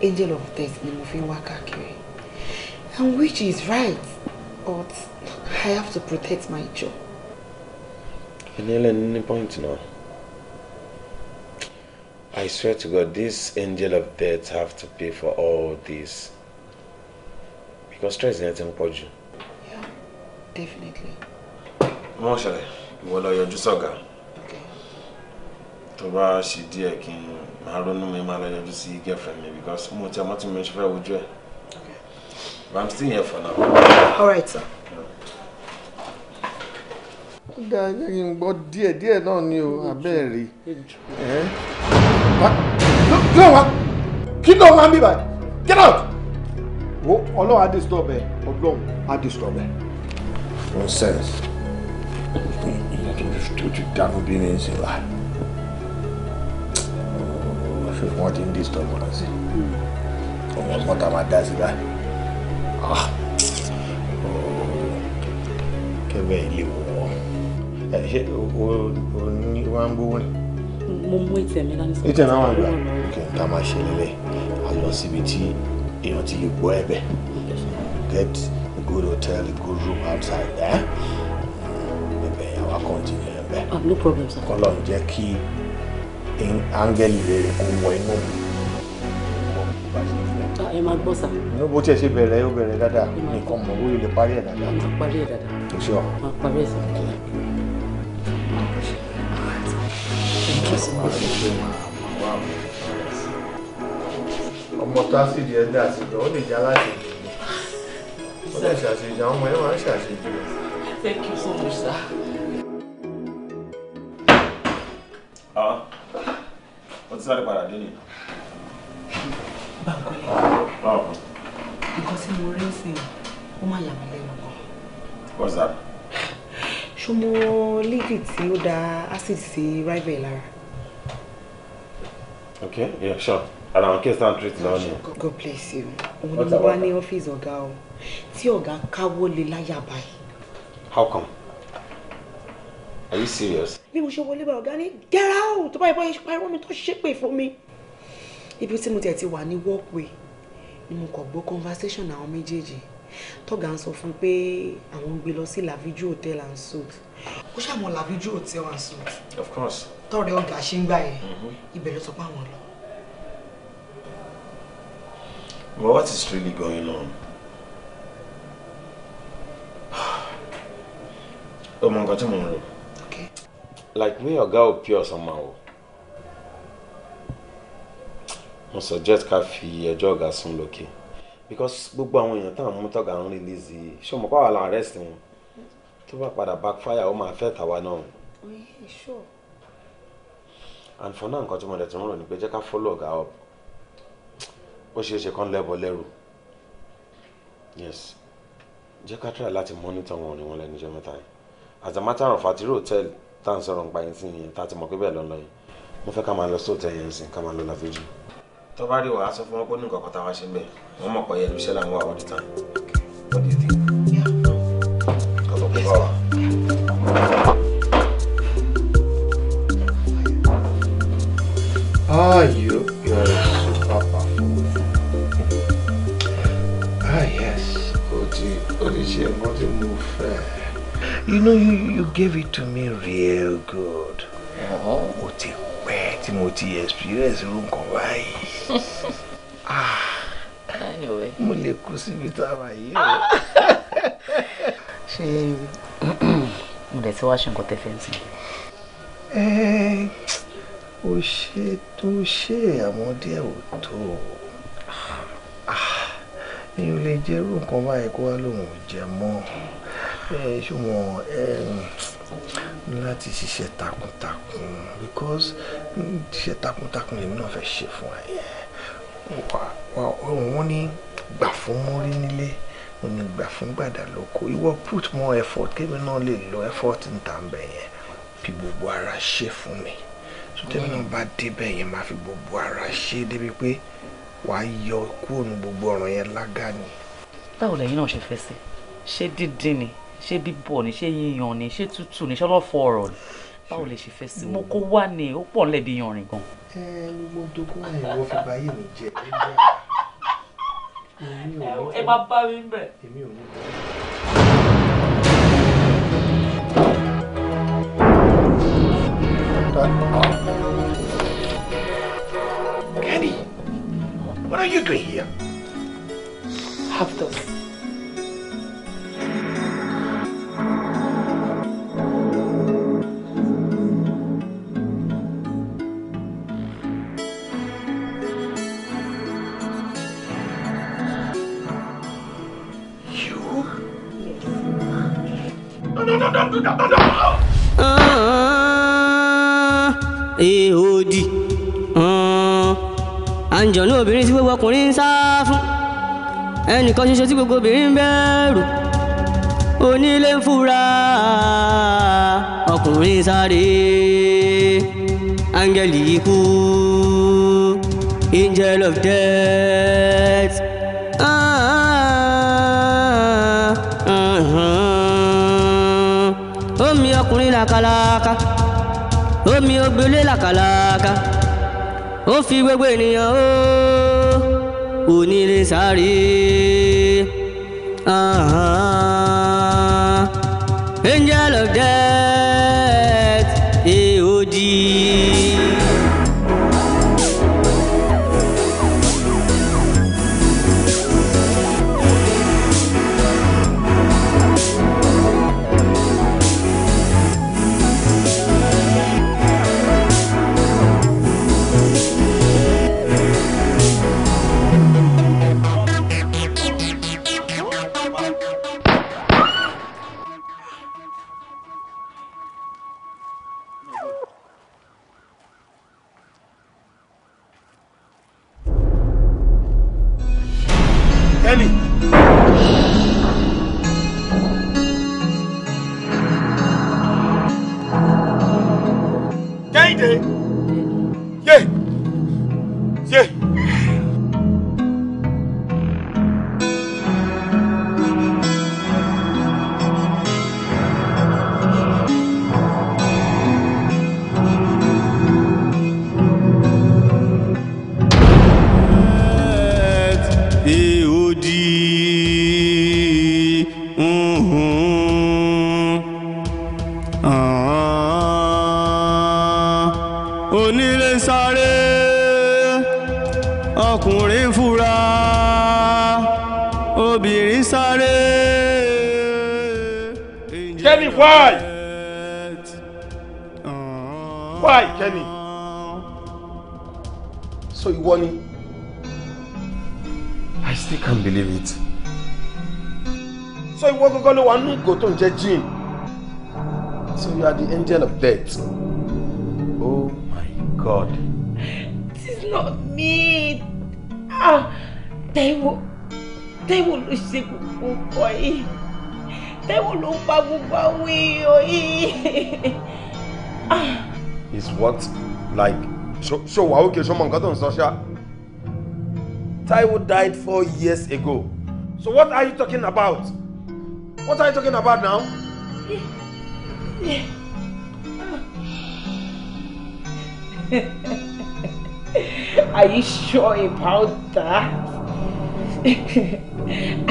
angel of death ni mo fi ń wá káàkiri and which is right but I have to protect my job. ẹni ẹlẹ́ni ní point náà. I swear to God, this angel of death have to pay for all this. Because stress is getting pọ̀jù. Definitely. Mo ṣẹlẹ̀, ìwọ lọ yọjú sọ̀gá. Tó bá ṣe díẹ̀ kí n máa ronú mi máa lọ yọjú sí girlfriend me because mo ti ọmọ tí mo ṣe fẹ́ wojú ẹ̀. But I'm still here for now. All right, sir. Ó dáa jẹ́ kí n gbọ́ díẹ̀ díẹ̀ náà ni o, abẹ́ẹ̀ rí. Kí ló wá? Kí ló wá ń bí báyìí? Get out! Ọlọ́run á disturb ẹ, Ọlọ́run á disturb ẹ nonsense ìyá tó tó ti dànù bí ní ìsìn wa wọ́n fi wọ́n ti ń disturb wọn sí ọmọ ọgbọ́n tá a máa dá sí báyìí kẹ́bẹ̀ ilé wọ̀ ẹ ṣe oní wa ń gbówó mo mú ìtẹ̀mí lánàá sí. ìtẹ̀mí àwọn àgbà ta máa ṣe lélẹ̀ a lọ síbi tí èèyàn ti lè gbọ́ good hotel, a good room outside. there. Maybe I will continue I have ah, No problem sir. Kọ́lọ̀ ń jẹ́ kí áńgẹ́lì rere kó wọ inú mi. Ah, ẹ máa gbọ́ sà. Ní bó tiẹ̀ ṣe bẹ̀rẹ̀ ó bẹ̀rẹ̀ dáadáa. Nìkan mọ̀ wí lè parí ẹ̀ dáadáa. Máa parí ẹ̀ dáadáa. Kò ṣe ọ. Thank you, ẹ̀ sà. Thank you so much. Ọmọ tásìdì ẹ̀ dà sí lọ, ó lè jẹ́ aláṣẹ ó dẹ̀ ṣàṣejù àwọn ọmọ thank you so much sir. ah o ti sáré padà dé ni. báwo nǹkan tí mo rí ń sìn ó what's that. ṣùgbọ́n lady tí ó acid sí rival lára. okay yeah sure and our case and treating. lọ́wọ́ ni. God bless you òun ni mo wá ní ọ́fíìsì ọ̀gá o tí ọ̀gá káwọ́ lé láyà báyìí. how come are you serious. bí mo ṣe wọlé bá ọ̀gá ní get out tó báyìí báyìí ṣe pariwo mi tó ṣépè fún mi ibi tí mo tẹ̀ ti wà ní walkway ni mo kàn gbọ́ conversation àwọn méjèèjì tọ́gà ń sọ fún pé àwọn ń gbé lọ sí laviju hotel and suit ó ṣàmọ̀ laviju hotel and suit. of course. tọ́rẹ̀ ọ̀gá ṣe ń gbà yẹn mm-hmm. ibẹ̀ ló sọ pé àwọn lọ. But what is really going on? Oh my God, tomorrow. Okay. Like me, your girl pure somehow o. suggest coffee a ẹjọ́ as sùn lókè. Because gbogbo àwọn your time, mú tọ́gà only release Show ṣé o mọ̀ pàwọ́ la arrest wọn? Tó bá padà backfire, ó máa affect àwa náà. Sure. And for now, nǹkan tí mo dẹ̀ tún rò ní pé jẹ́ ká follow ọ̀gá up ó ṣeé ṣe kán lẹ́bọ̀ lẹ́rù yes jẹ́ ká láti monitor wọn ní wọn lẹ́nu jẹ́ mẹ́ta yìí as a matter of fact irú hòtẹ́ẹ̀lì tá à ń sọ̀rọ̀ nípa yẹn sí yẹn tá a ti mọ̀ pé bẹ́ẹ̀ lọ́nà yìí mo fẹ́ ká máa lọ sóòtẹ́ yẹn sìn ká máa lọ láfíjì. tó bá rí wàá sọ fún wọn pé ní nǹkan kan táwa ṣe ń bẹ̀ wọ́n mọ̀ pé ẹ̀rù iṣẹ́ làwọn wà all the time what do gave it to me real good. Uh-huh. ó ti pẹ́ tí mo ti experience irú nǹkan báyìí. Ah. mo lè kú síbi tá a wà yìí o. Ah. ṣé mo dẹ̀ ti wá ṣe nǹkan tẹ́ fẹ́ sí. ó ṣe tó ṣe àwọn díẹ̀ ò tó mi ah. ò lè jẹ́rú nǹkan báyìí kó wá lóun ò jẹ mọ́ ṣùgbọ́n láti ṣiṣẹ́ takuntakun because ṣiṣẹ́ takuntakun lèmi náà fẹ́ ṣe fún ẹ wọ́n ní gbà fún mórí nílé wọ́n ní gbà fún gbàdà lóko ìwọ put more effort kémi náà lè lo effort ń tà ń bẹ̀ yẹn fi gbogbo ara ṣe fún mi so tẹ́mi náà bá débẹ̀ yẹn máa fi gbogbo ara ṣe débi pé wàá yọ kúrò ní gbogbo ọ̀ràn yẹn lágàá ni. báwo lẹ́yìn náà ṣe fẹ́ sí ṣé dídín ni ṣé bíbọ̀ ni ṣé yíyan ni ṣé tútù ni ṣé ọlọ́fọ̀ ọ̀rọ̀ ni báwo lè ṣe fẹ́ sí mo kó wá ni ó pọ̀ lẹ́bi yanrìn gan. ẹ gbogbo dogun ẹ wọ fi báyìí mi jẹ ẹ má bá mi bẹ. èmi ò ní bẹ. Kenny, what are you doing here? Have those. èèdì ah, eh, hmm. àǹjọ̀nú obìnrin tí gbogbo ọkùnrin ń sá fún ẹnìkan ṣoṣo tí gbogbo obìnrin ń bẹ̀rù onílé ń fura ọkùnrin sáré áńgẹ́lì ikú angel of death. làkàlàkà omi ògbélé làkàlàkà ó fi gbogbo ènìyàn ó onílé sáré ah, ah, ah. angel of death. lẹ́nì so ìwọ ni. I still can't believe it. so ìwọ gọ́gọ́ ló wà nínú ìgò tó ń jẹ́ gin so you are the angel of death. Oh my God. This is not me. Ah, Taiwo Taiwo ló ṣe gbogbo nǹkan yìí Taiwo ló pa gbogbo àwọn èèyàn yìí is what like so? So ókè ṣọmọ nǹkan tó ń sọ Taiwo died four years ago so what are you talking about what are you talking about now. Are you sure about that? I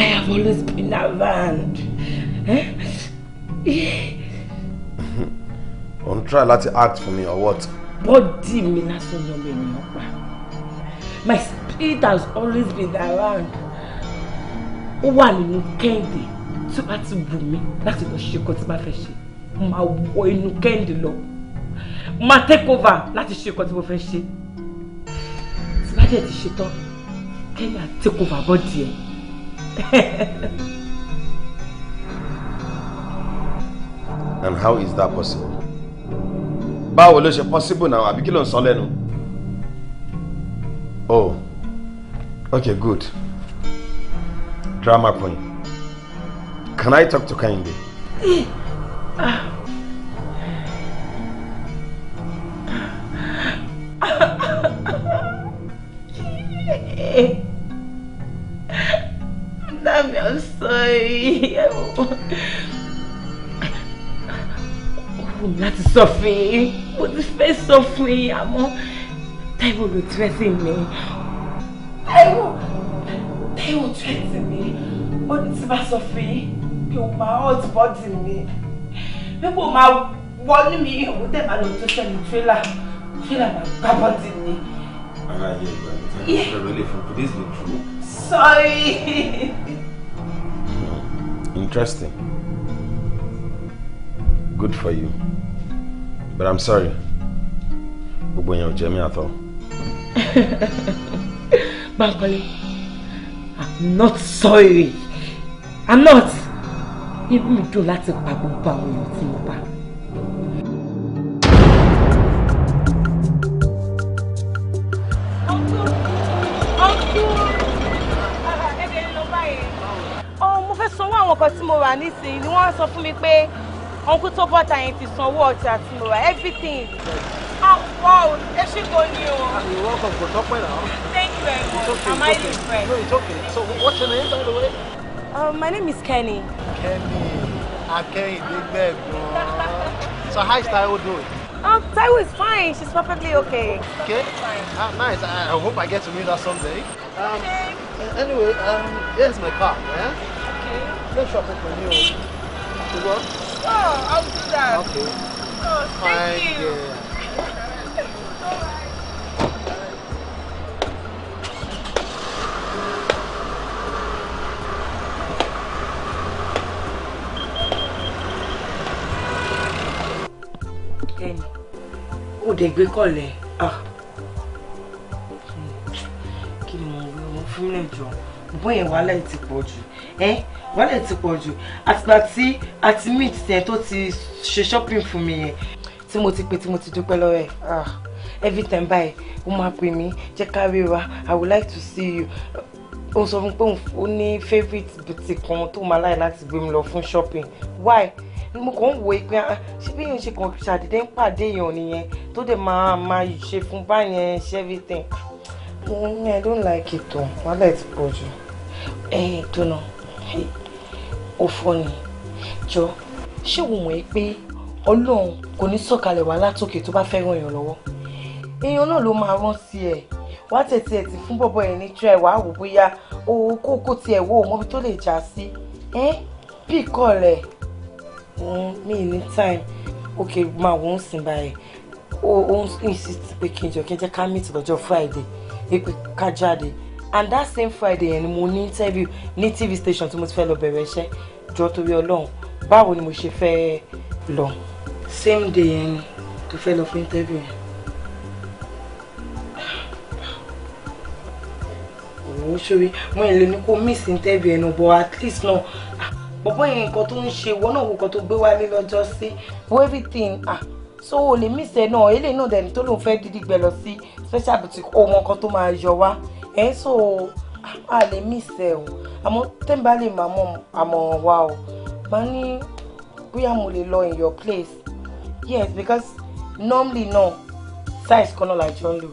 have always been around. Huh? ò ń try láti act for me or what. bọ́dì mi lásán lọ́mọ ènìyàn pa my spirit has always been around ó wà nínú kẹ́hìndé tí ó bá ti wù mí láti lọ ṣe nǹkan tí bá fẹ́ ṣe máa wọ inú kẹ́hìndé lọ máa take over láti ṣe nǹkan tí mo fẹ́ ṣe tí bá ti ṣe tán kẹ́hìndé á take over bọ́dì ẹ̀. And how is that possible? báwo ló ṣe possible now àbí kí ló ń sọ lẹ́nu. oh okay good drama queen can I talk to Kainde? Damn Dami, I'm sorry. Oh, láti sọ fún mo ti fẹ́ sọ fún yín àmọ́ Táíwò ló tírẹ́sì mi Táíwò Táíwò tírẹ́sì mi ó ní tí bá sọ fún yín pé o máa hot body mi pípò máa wọnú mi òun tẹ̀ máa lọ tó sẹ́nu tírélà tírélà máa gbá bọ́dì mi. ara yẹ ìgbà tí wọ́n fẹ́ lọ́lẹ̀ fún police dey true. sorry. interesting good for you but i'm sorry gbogbo yẹn ò jẹ́ mi àtọ́. Bankole i'm not sorry i'm not inú mi dùn láti pa gbogbo àwọn èèyàn tí mo pa. Ah, oh, mo fẹ́ sanwó àwọn kan tí mo rà nísìnyí ni wọ́n sọ fún mi pé ọkú tó bọ́ta yẹn ti sanwó ọjà tí mo rà everything. Ah, wow ẹ ṣì kò ní o. Ah, you're welcome kò tọ́pẹ́ náà. thank you very much okay, am I your friend. no it's okay so what's your name by the way. Uh, my name is Kenny. Kenny Akẹ́yìndégbẹ̀gbọ́n. so how is Taiwo doing. Um, Taiwo is fine. She's perfectly okay. Okay. Ah, nice. I, I hope I get to meet her someday. Um, okay. anyway, um, here's my car. Yeah. Okay. No shopping for you. To work. Oh, I'll do that. Okay. Oh, thank Fine, you. Yeah. ó dé gbé kọ̀lẹ̀ ah. kí ni mo wí ọmọ fún mi lẹ́jọ́ bóyá wàhálà ẹ̀ ti pọ̀ jù ẹ́ wàhálà ti pọ̀ jù àtìgbà tí a ti meet yẹn tó ti ṣe shopping fún mi yẹn tí mo ti pè tí mo ti dúpẹ́ lọ́wọ́ ẹ̀ ah, every time báyìí ó máa pè mí jẹ́ ká ríra i would like to see you ó sọ fún mi pé ó ní favourite boutique kan tó máa láì láti gbé mi lọ fún shopping why mo kàn ń wo ìpín ah, ṣé bí yóò ṣe kàn ṣàdédé ń pàdé èèyàn nìyẹn tó dẹ̀ máa máa ṣe fún báyẹn ṣe everything. mo ní i don't like it o wàhálà ti pọ̀ jù ẹ̀ẹ́dùnà. Eh, òfò ni jọ ṣé wo mọ̀ ẹ́ pé ọlọ́run kò ní sọ̀kalẹ̀ wá látòkè tó bá fẹ́ ràn èèyàn lọ́wọ́ èèyàn náà ló máa rántí ẹ̀ wá tètè ẹ̀ ti fún bọ̀bọ̀ ẹ̀ ní tíra ẹ̀ wá wò bóyá owó kókó tiẹ̀ wò mọ́bi tó lè já sí ẹ́ bí kọ́ rẹ̀ hmm, mi ní time òkè máa wò ó sìn báyìí ó ń insist pé kí n jọ kí n jẹ́ ká meet lọ́jọ́ Friday pé ká jáde and that same friday yẹn ni mo ní interview ní tv station tí mo ti fẹ́ lọ bẹ̀rẹ̀ iṣẹ́ jọ torí ọlọ́run báwo ni mo ṣe fẹ́ lọ. same day yẹn ni tó fẹ́ lọ fún interview yẹn. òun ṣorí mo yẹn lè ní kó miss interview yẹn but at least náà ah, bọ́bọ́ yẹn nǹkan tó ń ṣe ìwọ náà wo nǹkan tó gbé wálé lọ́jọ́ sí wo everything ah so o lè miss ẹ náà eléyìí náà dẹni tó lóun fẹ́ dídí gbẹ lọ sí special boutique ohun ọkàn tó máa yọ wá ẹ̀ so a lè miss ẹ o àmọ́ tẹ́ǹbà lè máa mọ àmọ̀ràn wa o máa ní bóyá mo lè lọ in your place yes because normally náà size kan náà làjọ ń lò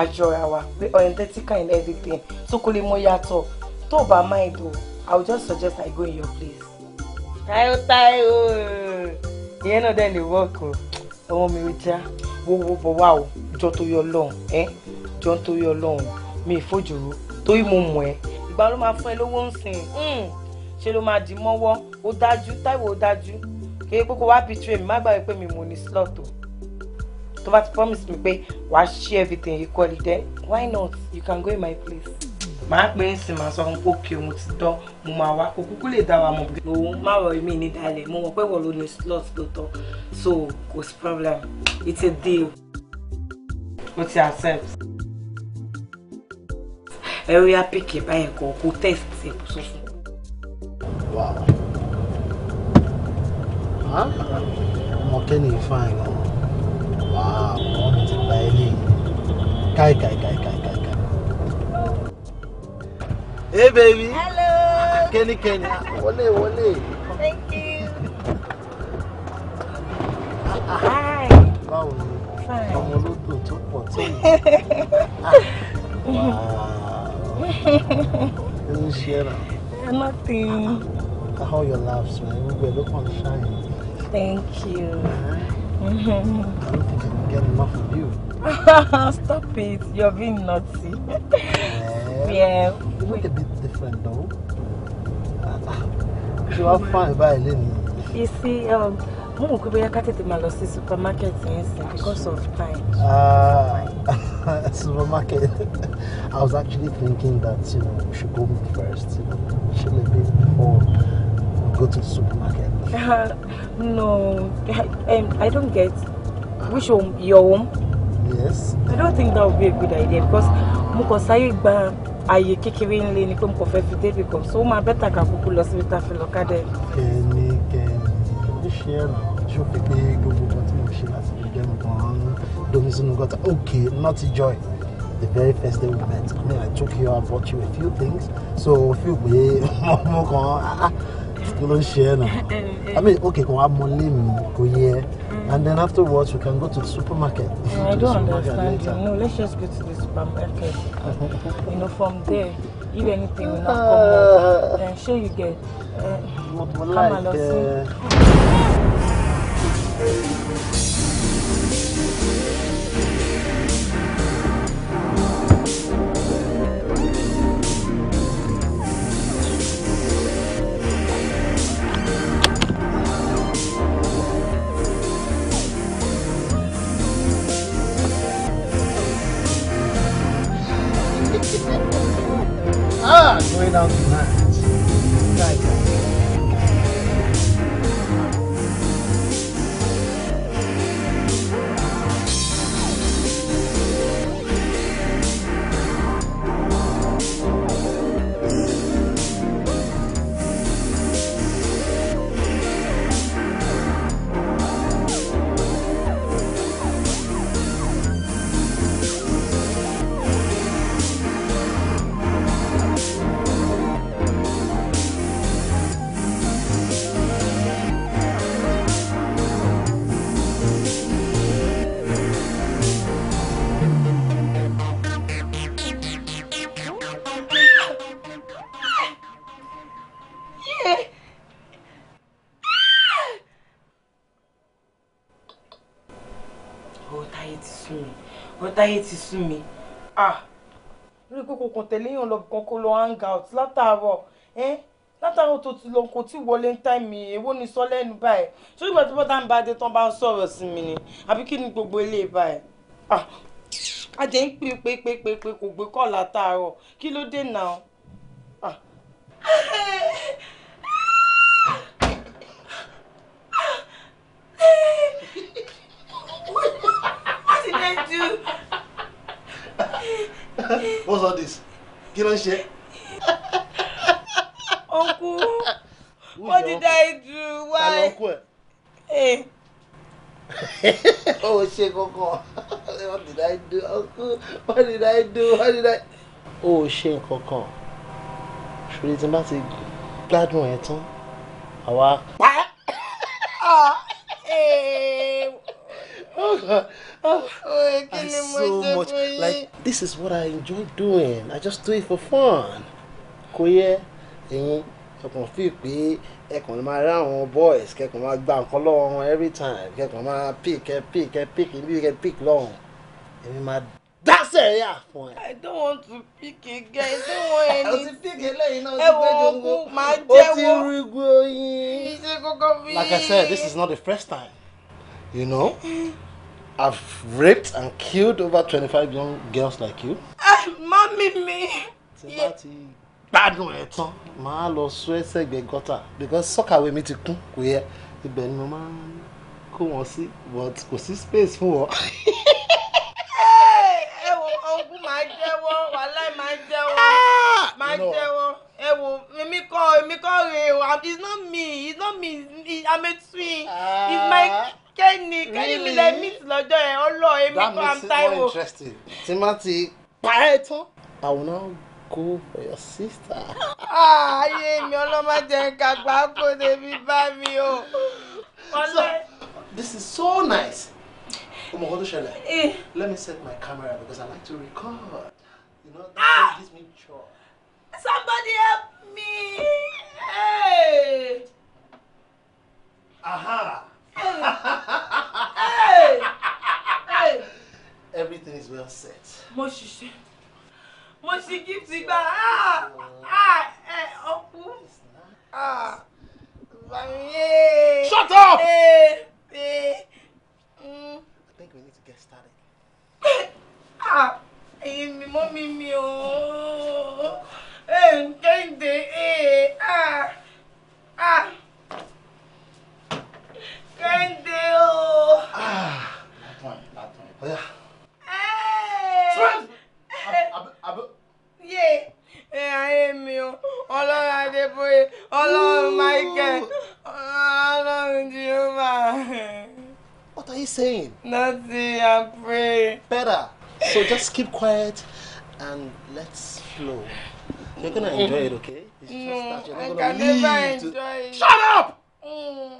àjọra wa pé identical in everything so kò lè mọ yàtọ̀ tó o bá mind o i will just suggest i go in your place. tayo tayo ìyẹn náà dẹ́n lè work o ọmọ mi ò já wo wo bọ̀ wá o jọ tó yọ lọ́hùn ẹ́ jọ tó yọ lọ́hùn mi ì fojòrò torí mo mọ̀ ẹ́ ìgbà ló máa fún ẹ lówó ń sìn hmm, ṣe ló máa dì mọ́wọ́ ó dájú Táíwò ó dájú kéé kókó wá pitú èmi má gbàgbé pé mi mò ní slot o tó bá ti promise mi pé wàá share everything equally then why not you can go in my place màá pè é sì máa sọ fún òkè òun ti dán mo máa wá kó kúkú lè dá wa mọ̀ bí. òun má rọ èmi ní dalẹ̀ mo mọ̀ pé wọ́n ló ní slot tó tọ́ so kò sí problem it's a deal. o ti accept ẹ̀rọ ya pèkì báyẹn kò kò tẹ̀sí ẹ̀ kò sọ fún. ọmọ kẹ́ni fáìn o ọmọ mi ti gba ilé káì káì káì káì hey baby hello kẹ́ni kẹ́ni ah, wọlé wọlé. thank you. hi. báwo ni ọmọ olódò tó pọ̀ tó yìí. Ah. Let me share now. Nothing. How your laughs, man. We're looking shiny. Thank you. Mm-hmm. I don't think I can get enough of you. Stop it. You're being naughty. Yeah. yeah. You look a bit different, though. Ah, you are fine by Lenny. You see, um, mo going to bóyá ká tètè máa lọ sí supermarket yẹn sìn because of time. Ah. Uh, a supermarket. I was actually thinking that you know we should go first. You know, we should maybe before we go to the supermarket. Uh, no, I, um, I don't get. Which home? Your home? Yes. I don't think that would be a good idea because mo kàn sáyé gba àyè kékeré ńlẹ ni pé mo kàn fẹ́ fi débi kan so ó máa bẹ́tà ká kúkú lọ síbi tá a fi lọ ká dẹ̀. kẹ́ni kẹ́ni ó ṣe ẹ̀rọ ṣó pé pé gbogbo nǹkan tí mo ṣe láti omi sínú gọ́tà okay not joy the very first day we met i mean i took you I bought you a few things so feel fi pé mo kàn share. ló um, um. i mean okay kò wá money, lé mi mm. and then afterwards we can go to the supermarket. No, I don't understand you. No, let's just go to the supermarket. you know, from there, if anything we'll not come uh, up, then sure you get. Uh, what will like, uh... 回到武汉，再见。táyé ti sú mi. rí i pé kò kàn tẹ̀lé yàn lọ kan kó lọ hang out látàárọ̀ látàárọ̀ tó ti lọ kò tí wọlé ń táìmì èwo ni sọ lẹ́nu báyìí ṣé ìgbà tí bọ́dà ń bá dé tán bá ń sọ̀rọ̀ sí mi ni àbí kí ni gbogbo ilé báyìí àjẹ́ ah. ń pè pé pé pé pé kò gbé kọ́ látàárọ̀ kí ló dé náà. Ah. What did I do? what's all this kí ló ń ṣe. uncle what did I do why. Uncle. Hey. Eh. oh ṣe kankan what did I do uncle what did I do what did I. Oh oh, ṣe kankan ṣòro tí n bá ti gbádùn ẹ tán Ah. pa. Eh. Oh, I so much like this is what I enjoy doing. I just do it for fun. Kò yẹ ẹ̀yin ẹ̀kàn me. pé ẹ̀kàn máa rí àwọn boys kẹ̀kàn máa gba nǹkan lọ́wọ́ wọn every time kẹ̀kàn máa pick ẹ̀ pick ẹ̀ pick ibi kẹ̀ pick lọ́hùn èmi máa dásẹ̀ rí àfọ̀n ẹ̀. I don't want to pick again. I don't want any. o ti pick eléyìí náà o ti gbẹ́jọ ogun. o ti rí gbóyin. Like I said, this is not the first time. You know? Mm-hmm. I've raped and killed over twenty-five young girls like you. Ah, Mami mi. Tí bá ti gbádùn ẹ̀ tán, màá lọ sún ẹsẹ̀ gbẹ gọ́tà because sọ́kàwé mi ti kún kò yẹ ibẹ̀ ni mo máa ń kó wọn sí but kò sí space fún wọn. Ẹ wo ogún máa jẹ́wọ́ wàláì máa jẹ́wọ́ ah, máa jẹ́wọ́ ẹ wo èmi kọ́ èmi kọ́ rè o it's not me it's not me I'm a twin it's my. Ah kẹ́ni kẹ́ni mi lẹ meet lọ́jọ́ yẹn ọlọ́ èmi fún am Táíwò. tí má ti pa ẹ tán I will now go for your sister. Ah, ayé mi ọlọ́mọdé kàgbá kò débi bá mi o. so this is so nice. ọmọ ọdún ṣẹlẹ̀ eh. let me set my camera because I like to record. You know, that ah! gives me joy. Somebody help me! Hey! Aha! Everything is well set. Moshi, moshi, Mo ṣiṣẹ́. Mo ah, gift gba. Ah! Ah! Eh, ọkú. Ah! Bàmíye. Shut up! Eh, eh, mm. I think we need to get started. Ah, Èyí mi mọ́ mi mi ooo. Kẹ́hìndé. Ah! Ah! kẹ́ńdé o. látún ẹ̀ látún ẹ̀ bóyá. yé ẹ ayé mi o ọlọ́run adébóyè ọlọ́run michael ọlọ́run jehovah. What are you saying? Nothing, I pray. Better. So just keep quiet and let's flow. You're gonna enjoy it, okay? It's no, just that you're not I gonna can never enjoy to... it. Shut up! Hey.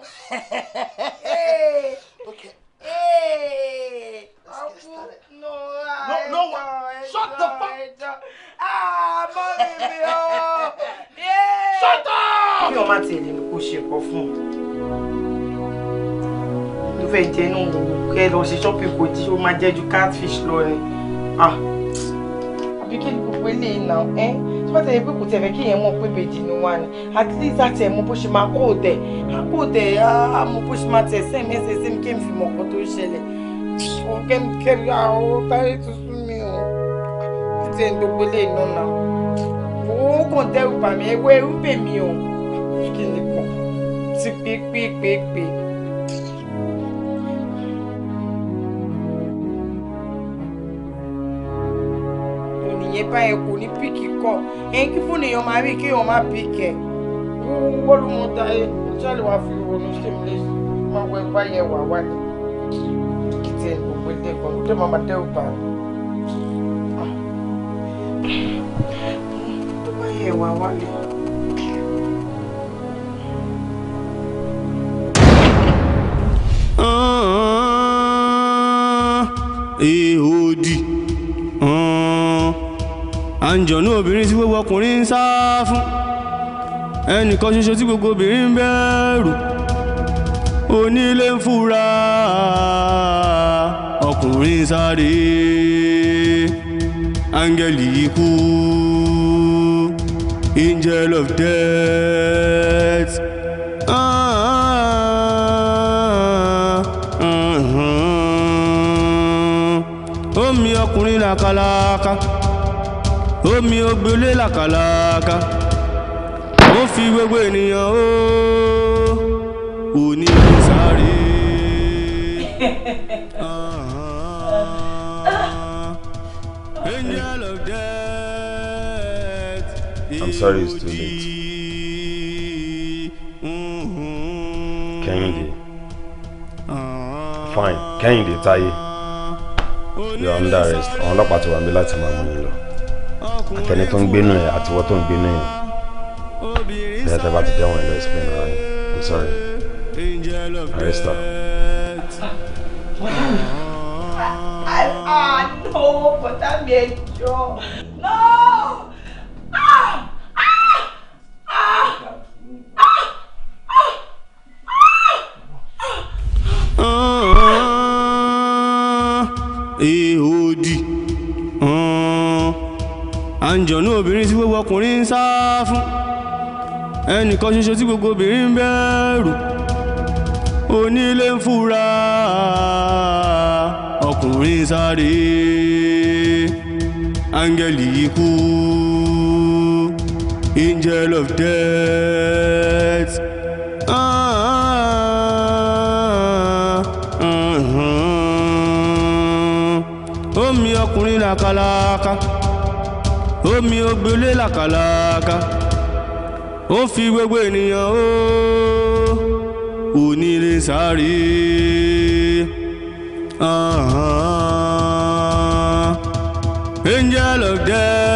okay. Hey. Let's get started. No, no, Shut the fuck. Ah, mommy, me oh. Yeah. Shut up. Your man said you push your coffin. Tó fẹ́ jẹ nù kẹ́ lọ ṣe shopping kò tí ó máa jẹ́ ju catfish lọ Ah. Àbí kí ni gbogbo eléyìí náà tó bá tẹ̀lé pé kò tẹ̀fẹ́ kí yẹn mọ̀ pé bèjì ni wà ní at least àti ẹ̀ mọ bó ṣe máa kó o dẹ̀ á kó o dẹ̀ á mọ bó ṣe máa tẹ̀ sẹ́mi ẹsẹ̀ sẹ́mi kí n fi mọ̀ kó tó ṣẹlẹ̀ ó kẹ́mi àwọn táyé tuntun mi ò tẹ̀ ń gbogbo lè nù nà ó kàn dẹ́rù bà ẹwẹ́ ń bè ò kí ni kò ti pé pé pé pé. báyẹn kò ní píìkì kọ ẹyin kí fóònù èèyàn máa rí kí èèyàn má píìkì ẹ wọ́n ló ta ẹ ṣáàlì wàá fi ronú ṣe mi léṣe máa wọ ẹgbẹ́ yẹn wà wá ní kìtì ẹ̀ gbogbo ẹ̀dẹ̀ kan tó máa máa dẹ́rù pa. tó bá yẹ wà wá ní. Ehodi. àǹjọ̀nú obìnrin sí gbogbo ọkùnrin ń sáá fún ẹnìkan ṣoṣo tí gbogbo obìnrin ń bẹ́ẹ̀rù onílé ń fúra ọkùnrin ń sáré áńgẹ́lì ikú angel of death. ọkùnrin làkàlàkà. Ah, ah, ah, ah, ah. omi ògbélé làkàlàkà ó fi gbogbo ènìyàn ó òní sáré. I'm sorry it's too late. Kẹ́hìndé. Mm-hmm. Fine, Kẹ́hìndé Táyé. You are under arrest. Àwọn ọlọ́pàá ti wà mí láti máa mú mi lọ àtẹni tó ń gbénu ẹ àti wọ́n tó ń gbénu ẹ bẹ́ẹ̀ tẹ́ bá ti dẹ́wọ̀n ẹ lọ explain ara I'm sorry arrest her. bọ́dá mi àná bọ́dá mi ẹ àǹjọ̀nú obìnrin tí gbogbo ọkùnrin ń sá fún ẹnìkan ṣoṣo tí gbogbo obìnrin ń bẹ̀rù onílé ń fura ọkùnrin sáré áńgẹ́lì ikú angel of death. ó ah, ah, ah, mi ọkùnrin làkàlàkà omi ògbélé làkàlàkà ó fi gbogbo ènìyàn ó onílé sáré ah, ah, ah. angel of death.